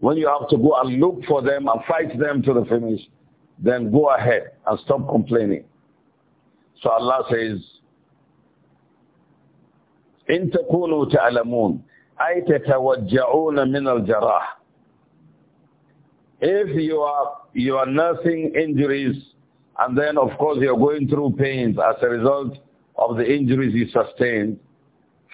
S1: when you have to go and look for them and fight them to the finish, then go ahead and stop complaining. So Allah says, إن تكونوا تعلمون أي تتوجعون من الجراح If you are, you are nursing injuries and then, of course, you're going through pains as a result of the injuries you sustained.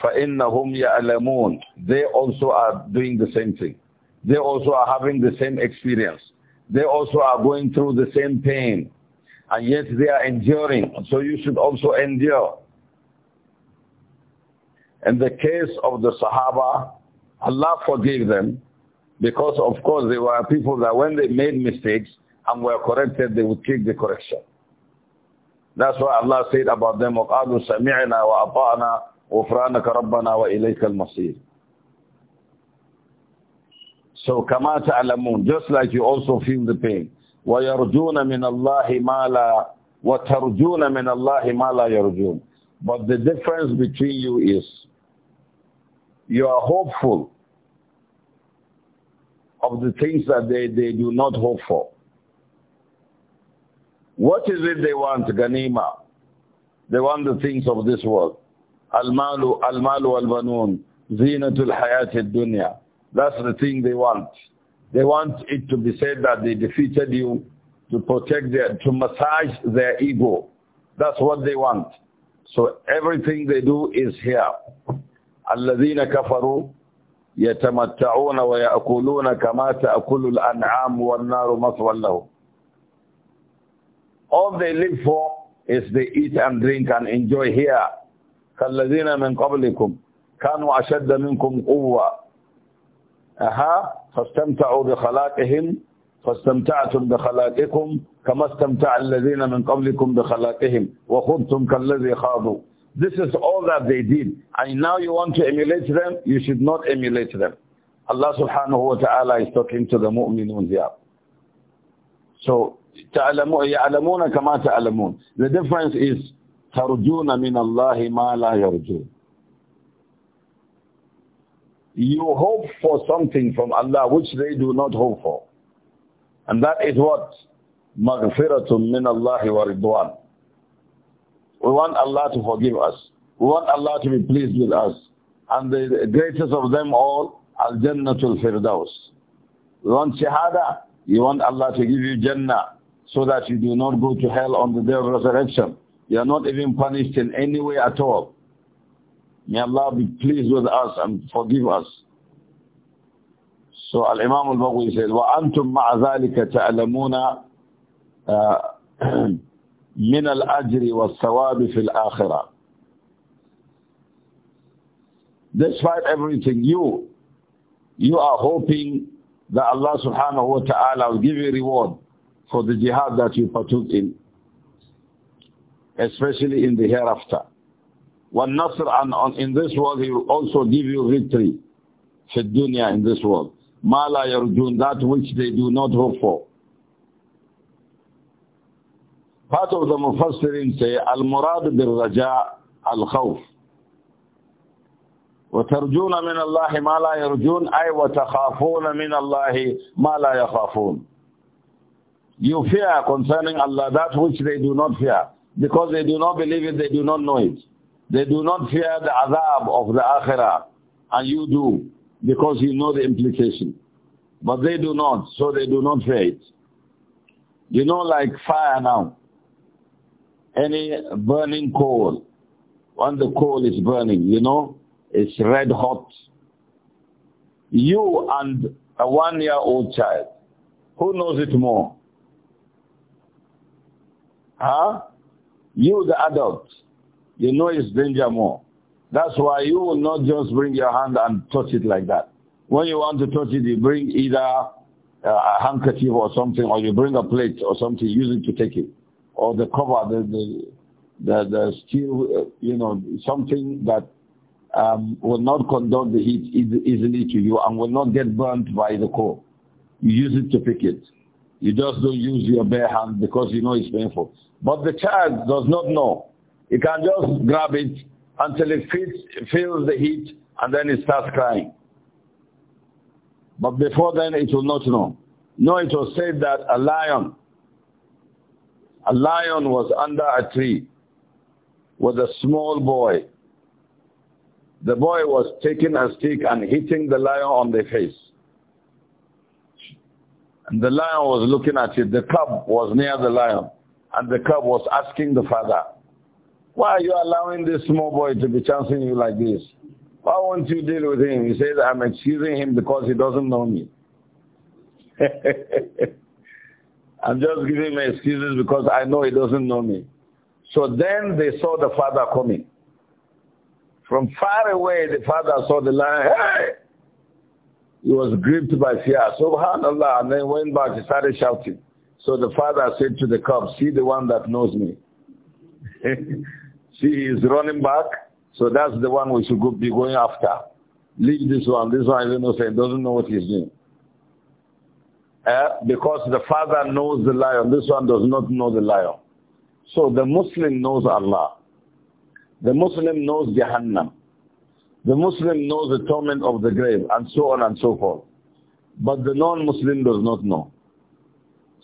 S1: فَإِنَّهُمْ يَعْلَمُونَ They also are doing the same thing. They also are having the same experience. They also are going through the same pain. And yet they are enduring. So you should also endure. In the case of the Sahaba, Allah forgave them because, of course, they were people that when they made mistakes, and were corrected, they would take the correction. That's why Allah said about them, وَقَالُوا سَمِعْنَا وَأَطَعْنَا وَفْرَانَكَ رَبَّنَا وَإِلَيْكَ الْمَصِيرُ So كَمَا تَعْلَمُونَ Just like you also feel the pain. وَيَرْجُونَ مِنَ اللَّهِ مَا لَا وَتَرْجُونَ مِنَ اللَّهِ مَا لَا يَرْجُونَ But the difference between you is you are hopeful of the things that they, they do not hope for. What is it they want? Ganima. They want the things of this world. Al-malu, al-malu al-banun, zinatul hayat dunya That's the thing they want. They want it to be said that they defeated you to protect their, to massage their ego. That's what they want. So everything they do is here. الذين كفروا يتمتعون ويأكلون كما تأكل الأنعام والنار مثوى لهم all they live for is they eat and drink and enjoy here. كالذين من قبلكم كانوا أشد منكم قوة أها فاستمتعوا بخلاقهم فاستمتعتم بخلاقكم كما استمتع الذين من قبلكم بخلاقهم وخضتم كالذي خاضوا This is all that they did. And now you want to emulate them, you should not emulate them. Allah subhanahu wa ta'ala is talking to the mu'minun here. So يعلمون كما تعلمون. The difference is ترجون من الله ما لا يرجون. You hope for something from Allah which they do not hope for. And that is what مغفرة من الله ورضوان. We want Allah to forgive us. We want Allah to be pleased with us. And the greatest of them all, Al-Jannatul Firdaus. You want shahada, you want Allah to give you Jannah so that you do not go to hell on the day of resurrection. You are not even punished in any way at all. May Allah be pleased with us and forgive us. So Al-Imam al-Baghawi says, وَأَنْتُمْ مَعَ ذَلِكَ تَعْلَمُونَ مِنَ الْأَجْرِ وَالثَّوَابِ فِي الْآخِرَةِ Despite everything, you, you are hoping that Allah subhanahu wa ta'ala will give you reward for the jihad that you partook in, especially in the hereafter. Nasr and on, in this world he will also give you victory for dunya in this world Ma la yarujun, that which they do not hope for part of the mufassirin say Al-Murad al-Khawf. وَتَرْجُونَ مِنَ وترجون من الله ما لا يرجون أي وتخافون من الله ما لا يخافون You fear concerning Allah that which they do not fear. Because they do not believe it, they do not know it. They do not fear the azab of the akhirah. And you do. Because you know the implication. But they do not, so they do not fear it. You know like fire now. Any burning coal. When the coal is burning, you know, it's red hot. You and a one-year-old child, who knows it more? Huh? You, the adult, you know it's danger more. That's why you will not just bring your hand and touch it like that. When you want to touch it, you bring either a handkerchief or something, or you bring a plate or something, use it to take it. Or the cover, the, the, the, the steel, uh, you know, something that um, will not conduct the heat easily to you and will not get burnt by the coal. You use it to pick it. You just don't use your bare hand because you know it's painful. But the child does not know. He can just grab it until it feels, feels the heat and then it starts crying. But before then it will not know. No, it was said that a lion, a lion was under a tree with a small boy. The boy was taking a stick and hitting the lion on the face. And the lion was looking at it. The cub was near the lion. And the cub was asking the father, why are you allowing this small boy to be chancing you like this? Why won't you deal with him? He says, I'm excusing him because he doesn't know me. <laughs> I'm just giving my excuses because I know he doesn't know me. So then they saw the father coming. From far away, the father saw the lion. Hey! He was gripped by fear. Subhanallah. And then went back, he started shouting. So the father said to the cub, see the one that knows me. <laughs> he is running back. So that's the one we should be going after. Leave this one. This one is innocent. Doesn't know what he's doing. Eh? because the father knows the lion. This one does not know the lion. So the Muslim knows Allah. The Muslim knows Jahannam. The Muslim knows the torment of the grave and so on and so forth. But the non-Muslim does not know.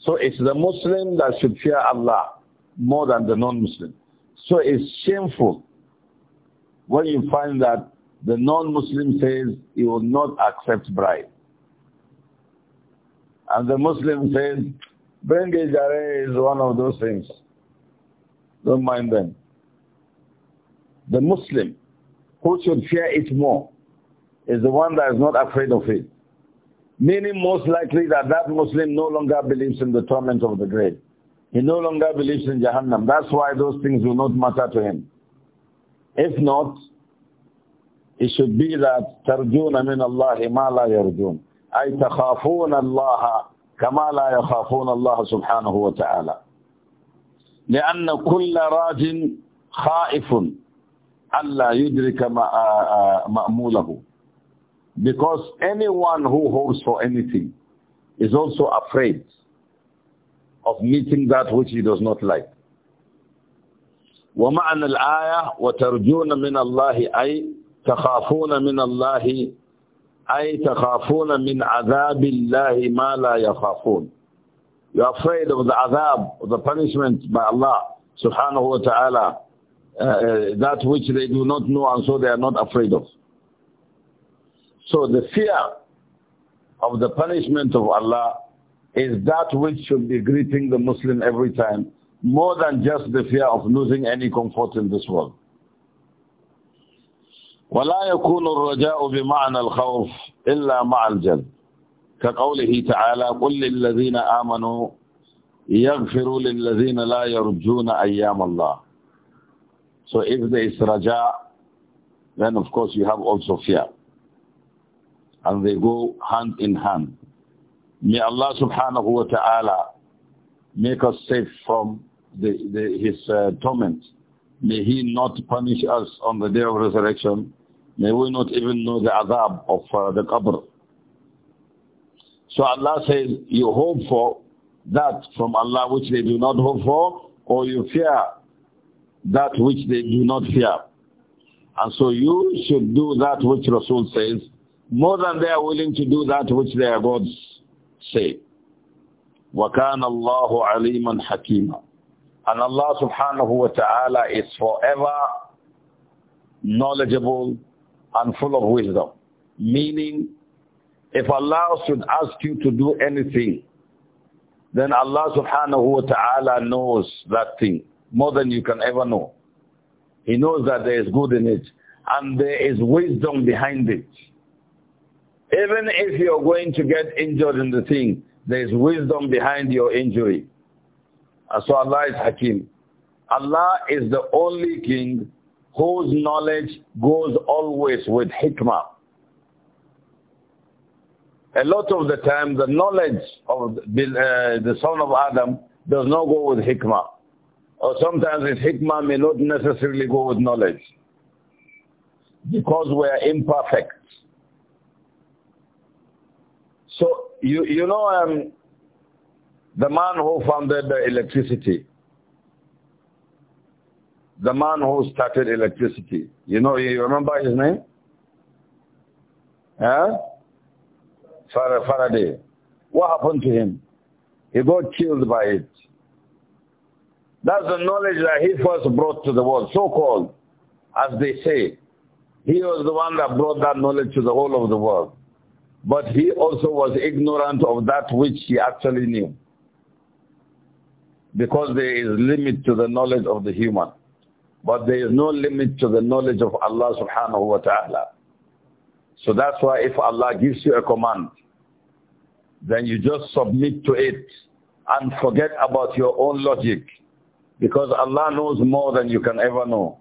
S1: So it's the Muslim that should fear Allah more than the non-Muslim. So it's shameful when you find that the non-Muslim says he will not accept bribe. And the Muslim says, Bengejare is one of those things. Don't mind them. The Muslim who should fear it more is the one that is not afraid of it. Meaning most likely that that Muslim no longer believes in the torment of the grave. He no longer believes in Jahannam. That's why those things will not matter to him. If not, it should be that ترجون من الله ما لا يرجون أي تخافون الله كما لا يخافون الله سبحانه وتعالى لأن كل راج خائف Allah yudrika uh, uh, ma'mulahu. Because anyone who hopes for anything is also afraid of meeting that which he does not like. Wa al-aya wa tarjuna min الله أي تخافون min الله أي تخافون min عذاب الله ما لا يخافون You're afraid of the azab, of the punishment by Allah subhanahu wa ta'ala uh, that which they do not know and so they are not afraid of. So the fear of the punishment of Allah is that which should be greeting the Muslim every time, more than just the fear of losing any comfort in this world. ولا يكون الرجاء بمعنى الخوف إلا مع الجلب كقوله تعالى قل للذين آمنوا يغفروا للذين لا يرجون أيام الله So if there is raja, then of course you have also fear. And they go hand in hand. May Allah subhanahu wa ta'ala make us safe from the, the, his uh, torment. May he not punish us on the day of resurrection. May we not even know the adab of uh, the qabr. So Allah says, you hope for that from Allah which they do not hope for, or you fear that which they do not fear. And so you should do that which Rasul says, more than they are willing to do that which their gods say. وَكَانَ اللَّهُ عَلِيمًا حَكِيمًا And Allah subhanahu wa ta'ala is forever knowledgeable and full of wisdom. Meaning, if Allah should ask you to do anything, then Allah subhanahu wa ta'ala knows that thing more than you can ever know. He knows that there is good in it and there is wisdom behind it. Even if you're going to get injured in the thing, there is wisdom behind your injury. So Allah is Hakim. Allah is the only king whose knowledge goes always with hikmah. A lot of the time, the knowledge of the, uh, the son of Adam does not go with hikmah. Or sometimes his hikmah may not necessarily go with knowledge. Because we are imperfect. So, you, you know, um, the man who founded the electricity, the man who started electricity, you know, you remember his name? Huh? Faraday. What happened to him? He got killed by it. That's the knowledge that he first brought to the world, so-called, as they say. He was the one that brought that knowledge to the whole of the world. But he also was ignorant of that which he actually knew. Because there is limit to the knowledge of the human. But there is no limit to the knowledge of Allah subhanahu wa ta'ala. So that's why if Allah gives you a command, then you just submit to it and forget about your own logic. Because Allah knows more than you can ever know.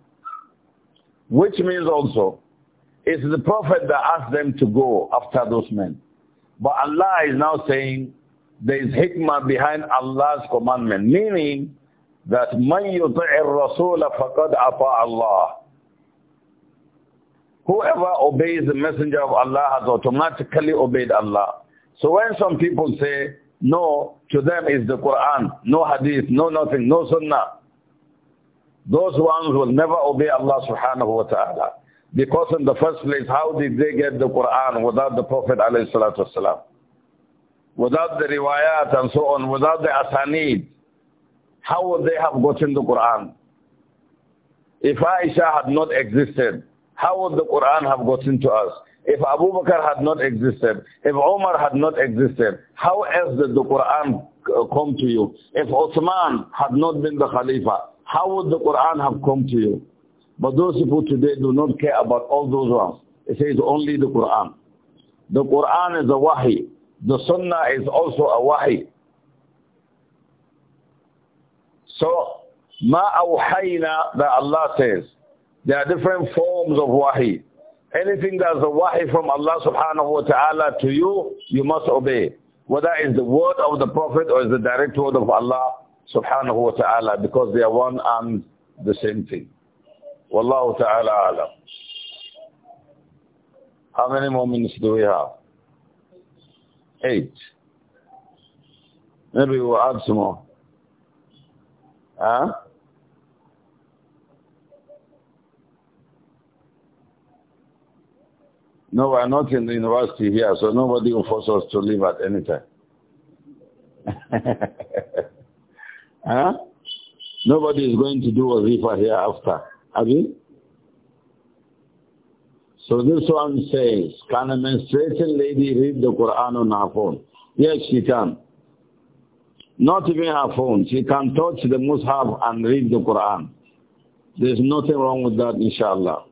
S1: Which means also, it's the Prophet that asked them to go after those men. But Allah is now saying, there is hikmah behind Allah's commandment, meaning that مَنْ يُطِعِ الرَّسُولَ فَقَدْ أَطَاعَ اللَّهِ Whoever obeys the messenger of Allah has automatically obeyed Allah. So when some people say, no, to them is the Quran, no hadith, no nothing, no sunnah. Those ones will never obey Allah subhanahu wa ta'ala. Because in the first place, how did they get the Quran without the Prophet alayhi salatu wasalam? Without the riwayat and so on, without the asanid, how would they have gotten the Quran? If Aisha had not existed, how would the Quran have gotten to us? If Abu Bakr had not existed, if Omar had not existed, how else did the Quran uh, come to you? If Osman had not been the Khalifa, how would the Quran have come to you? But those people today do not care about all those ones. It says only the Quran. The Quran is a wahi. The Sunnah is also a wahi. So, ma awhayna that Allah says. There are different forms of wahi. Anything that's a wahi from Allah subhanahu wa ta'ala to you, you must obey. Whether it's the word of the Prophet or it's the direct word of Allah subhanahu wa ta'ala because they are one and the same thing. Wallahu ta'ala alam. How many more minutes do we have? Eight. Maybe we'll add some more. Huh? No, we are not in the university here, so nobody will force us to leave at any time. <laughs> huh? Nobody is going to do a rifa here after. Have you? So this one says, can a menstruating lady read the Quran on her phone? Yes, she can. Not even her phone. She can touch the Mus'haf and read the Quran. There's nothing wrong with that, inshallah.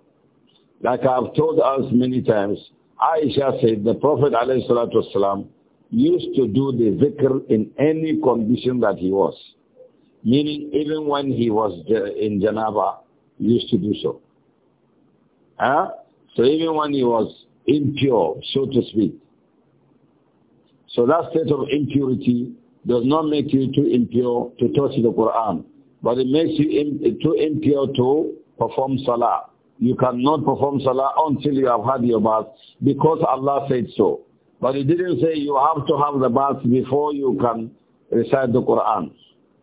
S1: Like I've told us many times, Aisha said the Prophet والسلام, used to do the zikr in any condition that he was. Meaning even when he was in Janaba, he used to do so. Huh? So even when he was impure, so to speak. So that state of impurity does not make you too impure to touch the Quran, but it makes you too impure to perform salah. You cannot perform salah until you have had your bath because Allah said so. But he didn't say you have to have the bath before you can recite the Quran.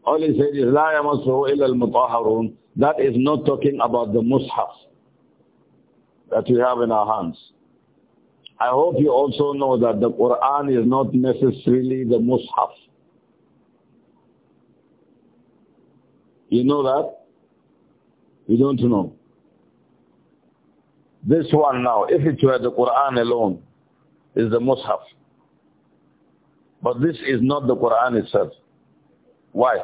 S1: All he said is, لا يمسه إلا المطهرون. That is not talking about the mushaf that we have in our hands. I hope you also know that the Quran is not necessarily the mushaf. You know that? You don't know. This one now, if it were the Quran alone, is the Mus'haf. But this is not the Quran itself. Why?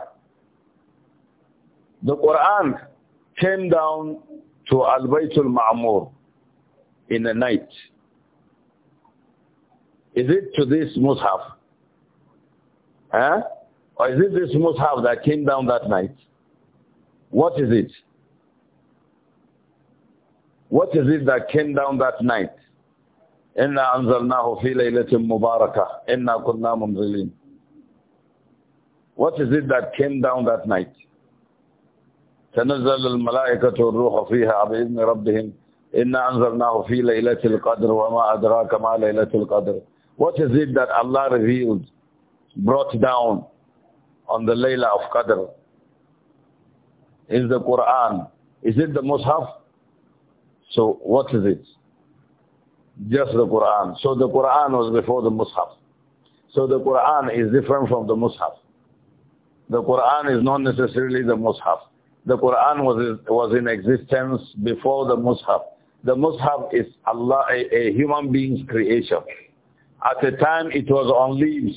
S1: The Quran came down to Al-Baytul Ma'mur in the night. Is it to this Mus'haf? Huh? Or is it this Mus'haf that came down that night? What is it? What is it that came down that night? Inna anzalnahu فِي لَيْلَةٍ مُبَارَكَةٍ إِنَّا كُنَّا مُنزِلِينَ What is it that came down that night? تنزل الملائكة والروح فيها بإذن ربهم إنا أنزلناه في ليلة القدر وما أدراك ما ليلة القدر What is it that Allah revealed, brought down on the Layla of Qadr? Is the Quran? Is it the Mus'haf? So what is it? Just the Quran. So the Quran was before the Mus'haf. So the Quran is different from the Mus'haf. The Quran is not necessarily the Mus'haf. The Quran was, was in existence before the Mus'haf. The Mus'haf is Allah, a, a human being's creation. At the time it was on leaves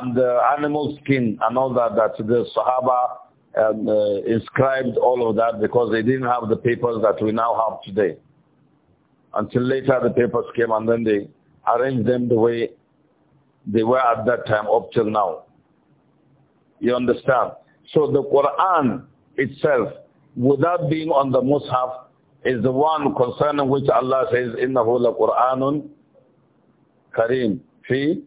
S1: and uh, animal skin and all that that the Sahaba and uh, inscribed all of that because they didn't have the papers that we now have today. Until later the papers came and then they arranged them the way they were at that time up till now. You understand? So the Quran itself, without being on the Mus'haf, is the one concerning which Allah says, إِنَّهُ لَقُرْآنٌ كَرِيمٌ فِي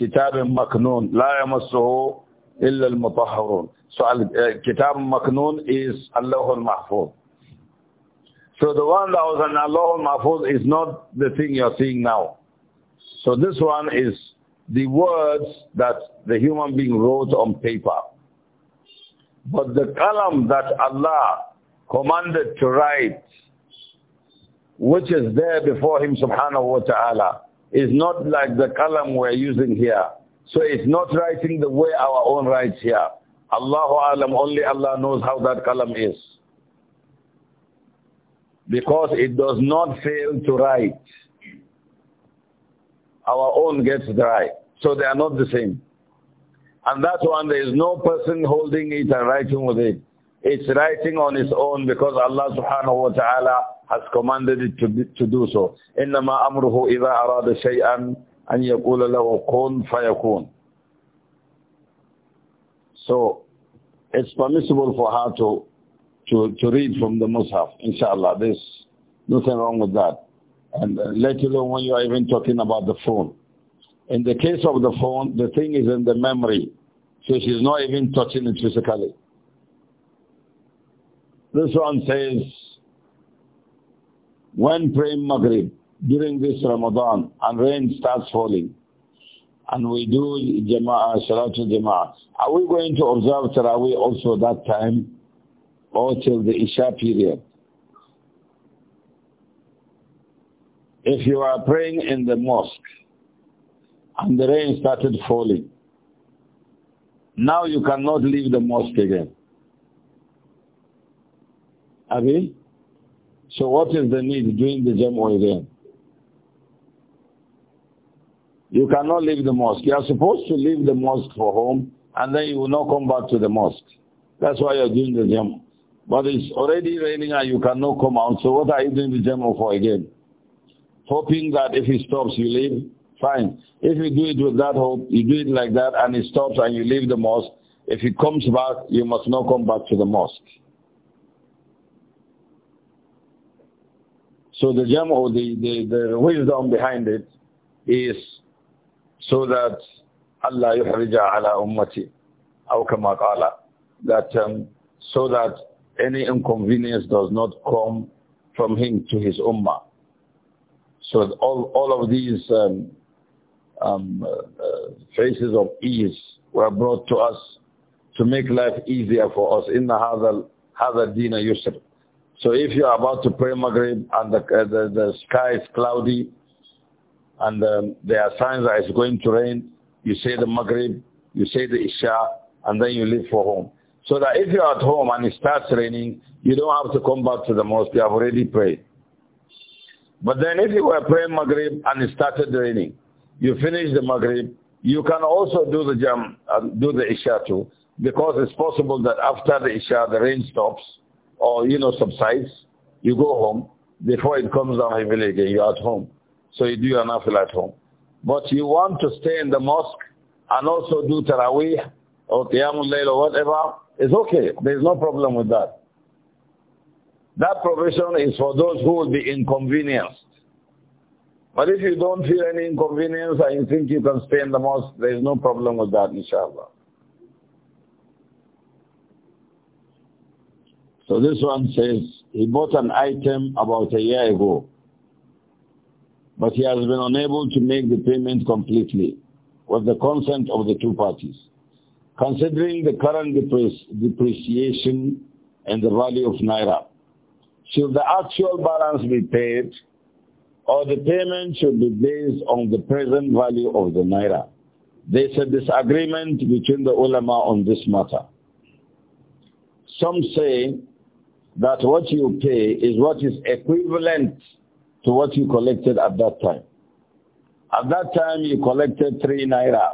S1: كِتَابٍ مَكْنُونٍ لَا يَمَسُّهُ إِلَّا الْمُطَهَّرُونَ So Kitab Maknoon is Allahul Mahfuz. So the one that was an al Mahfuz is not the thing you're seeing now. So this one is the words that the human being wrote on paper. But the kalam that Allah commanded to write, which is there before him subhanahu wa ta'ala, is not like the kalam we're using here. So it's not writing the way our own writes here. Allahu Alam, only Allah knows how that column is. Because it does not fail to write. Our own gets dry. So they are not the same. And that one, there is no person holding it and writing with it. It's writing on its own because Allah subhanahu wa ta'ala has commanded it to, to do so. إِنَّمَا أَمْرُهُ إِذَا أَرَادَ شَيْئًا أن يقول له كن فيكون So it's permissible for her to, to, to read from the Mus'haf, inshallah. There's nothing wrong with that. And uh, let alone when you are even talking about the phone. In the case of the phone, the thing is in the memory. So she's not even touching it physically. This one says, when praying Maghrib, during this Ramadan and rain starts falling and we do Jama'ah, Salatul Jama'ah, are we going to observe Taraweeh also that time or till the Isha period? If you are praying in the mosque and the rain started falling, now you cannot leave the mosque again. Abi? So what is the need doing the Jam'ah again? You cannot leave the mosque. You are supposed to leave the mosque for home and then you will not come back to the mosque. That's why you're doing the jam. But it's already raining and you cannot come out. So what are you doing the jam for again? Hoping that if it stops you leave? Fine. If you do it with that hope, you do it like that and it stops and you leave the mosque. If it comes back, you must not come back to the mosque. So the jam or the, the, the wisdom behind it is so that Allah yuhrija ala ummati, aw kama qala, that um, so that any inconvenience does not come from him to his ummah. So all, all of these um, um, uh, uh of ease were brought to us to make life easier for us. Inna hadha, hadha dina yusr. So if you are about to pray Maghrib and the, uh, the, the sky is cloudy, and um, there are signs that it's going to rain, you say the Maghrib, you say the Isha, and then you leave for home. So that if you're at home and it starts raining, you don't have to come back to the mosque, you have already prayed. But then if you were praying Maghrib and it started raining, you finish the Maghrib, you can also do the Jam, and um, do the Isha too, because it's possible that after the Isha the rain stops or, you know, subsides, you go home, before it comes down heavily again, you're at home. So you do your nafil at home. But you want to stay in the mosque and also do tarawih or qiyamul layl or whatever, it's okay. There's no problem with that. That provision is for those who will be inconvenienced. But if you don't feel any inconvenience and you think you can stay in the mosque, there is no problem with that, inshallah. So this one says, he bought an item about a year ago but he has been unable to make the payment completely with the consent of the two parties. Considering the current depreciation and the value of Naira, should the actual balance be paid or the payment should be based on the present value of the Naira? There's a disagreement between the ulama on this matter. Some say that what you pay is what is equivalent to what you collected at that time. At that time, you collected three naira.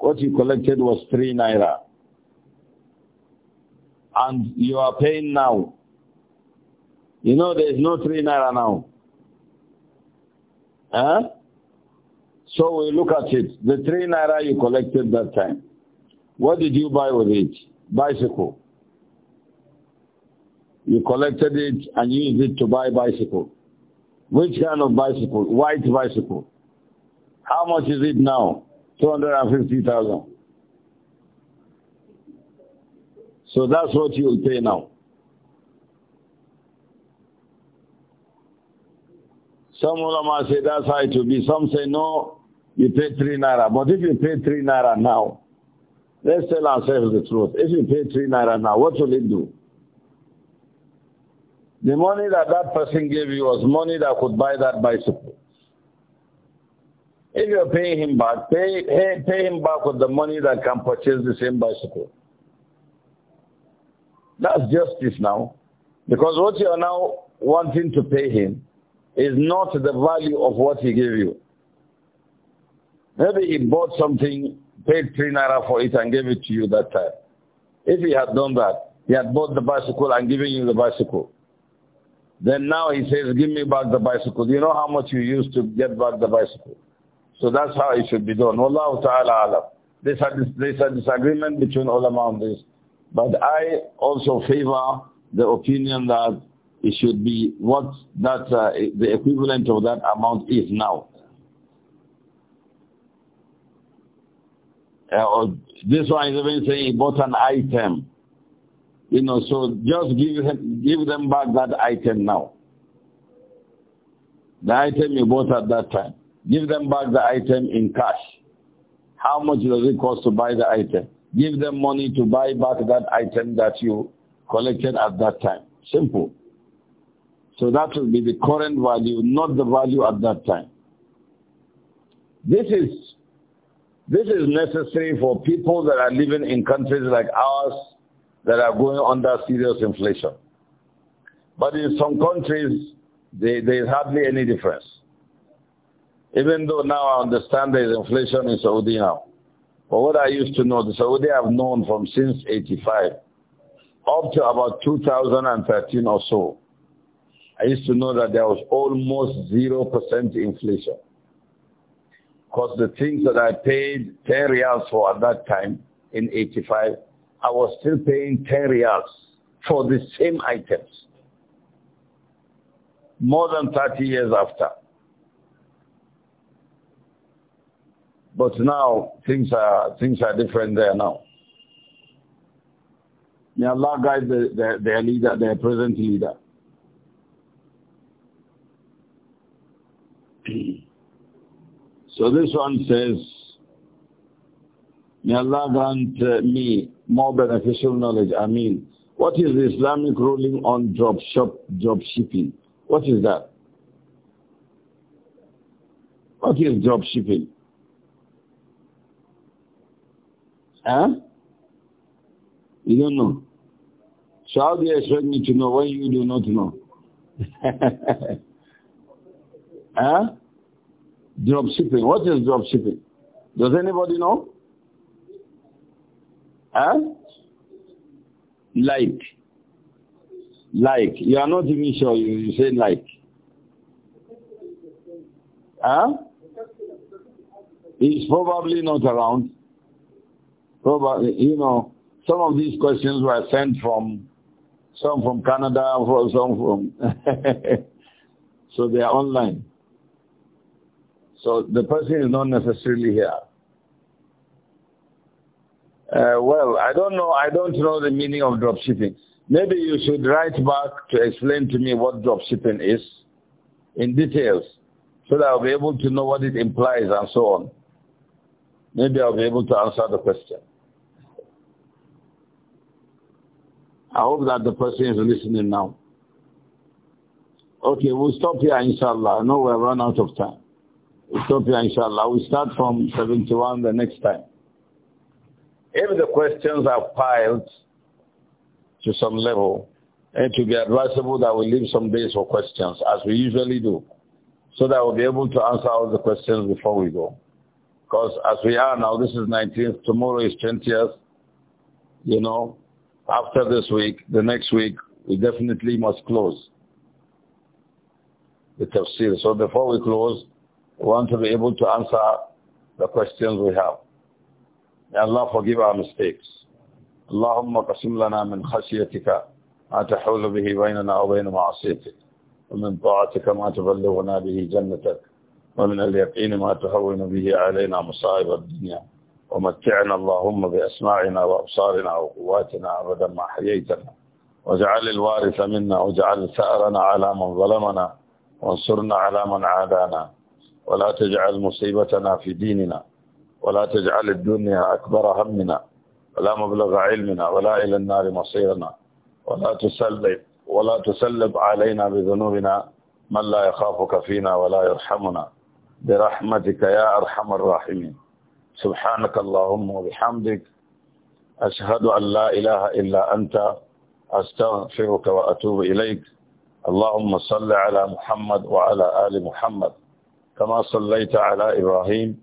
S1: What you collected was three naira. And you are paying now. You know there is no three naira now. Huh? So we look at it. The three naira you collected that time. What did you buy with it? Bicycle. You collected it and used it to buy bicycle. Which kind of bicycle? White bicycle. How much is it now? 250,000. So that's what you'll pay now. Some ulama say that's how it will be. Some say no, you pay three naira. But if you pay three naira now, let's tell ourselves the truth. If you pay three naira now, what will it do? The money that that person gave you was money that could buy that bicycle. If you're paying him back, pay, pay, pay him back with the money that can purchase the same bicycle. That's justice now. Because what you are now wanting to pay him is not the value of what he gave you. Maybe he bought something, paid three naira for it and gave it to you that time. If he had done that, he had bought the bicycle and given you the bicycle. Then now he says, give me back the bicycle. You know how much you used to get back the bicycle. So that's how it should be done. Wallahu ta'ala alam. There's a, there's a disagreement between ulama on this. But I also favor the opinion that it should be what that uh, the equivalent of that amount is now. Uh, this one is even saying he bought an item. You know, so just give, give them back that item now. The item you bought at that time. Give them back the item in cash. How much does it cost to buy the item? Give them money to buy back that item that you collected at that time. Simple. So that will be the current value, not the value at that time. This is, this is necessary for people that are living in countries like ours that are going under serious inflation. But in some countries, they, there is hardly any difference. Even though now I understand there is inflation in Saudi now. But what I used to know, the Saudi I've known from since 85 up to about 2013 or so. I used to know that there was almost 0% inflation. Because the things that I paid 10 reals for at that time in 85 I was still paying 10 reals for the same items. More than 30 years after. But now things are, things are different there now. May Allah guide the, the, their leader, their present leader. <clears throat> so this one says, May Allah grant uh, me more beneficial knowledge. I mean, what is the Islamic ruling on job shop, job shipping? What is that? What is job shipping? Huh? You don't know. So how do you expect me to know when you do not know? <laughs> huh? Drop shipping. What is drop shipping? Does anybody know? Huh? Like. Like. You are not even sure. You, you say like. Huh? He's probably not around. Probably, you know, some of these questions were sent from, some from Canada, some from, <laughs> so they are online. So the person is not necessarily here. Uh, well, I don't know. I don't know the meaning of drop shipping. Maybe you should write back to explain to me what drop shipping is in details so that I'll be able to know what it implies and so on. Maybe I'll be able to answer the question. I hope that the person is listening now. Okay, we'll stop here, inshallah. I know we've run out of time. We'll stop here, inshallah. We'll start from 71 the next time. If the questions are piled to some level, it will be advisable that we leave some days for questions, as we usually do, so that we'll be able to answer all the questions before we go. Because as we are now, this is 19th, tomorrow is 20th, you know, after this week, the next week, we definitely must close the tafsir. So before we close, we want to be able to answer the questions we have. May Allah forgive our mistakes. اللهم قسم لنا من خشيتك ما تحول به بيننا وبين معصيتك ومن طاعتك ما تبلغنا به جنتك ومن اليقين ما تهون به علينا مصائب الدنيا ومتعنا اللهم بأسماعنا وأبصارنا وقواتنا أبدا ما حييتنا واجعل الوارث منا واجعل ثأرنا على من ظلمنا وانصرنا على من عادانا ولا تجعل مصيبتنا في ديننا ولا تجعل الدنيا أكبر همنا ولا مبلغ علمنا ولا إلى النار مصيرنا ولا تسلب ولا تسلب علينا بذنوبنا من لا يخافك فينا ولا يرحمنا برحمتك يا أرحم الراحمين سبحانك اللهم وبحمدك أشهد أن لا إله إلا أنت أستغفرك وأتوب إليك اللهم صل على محمد وعلى آل محمد كما صليت على إبراهيم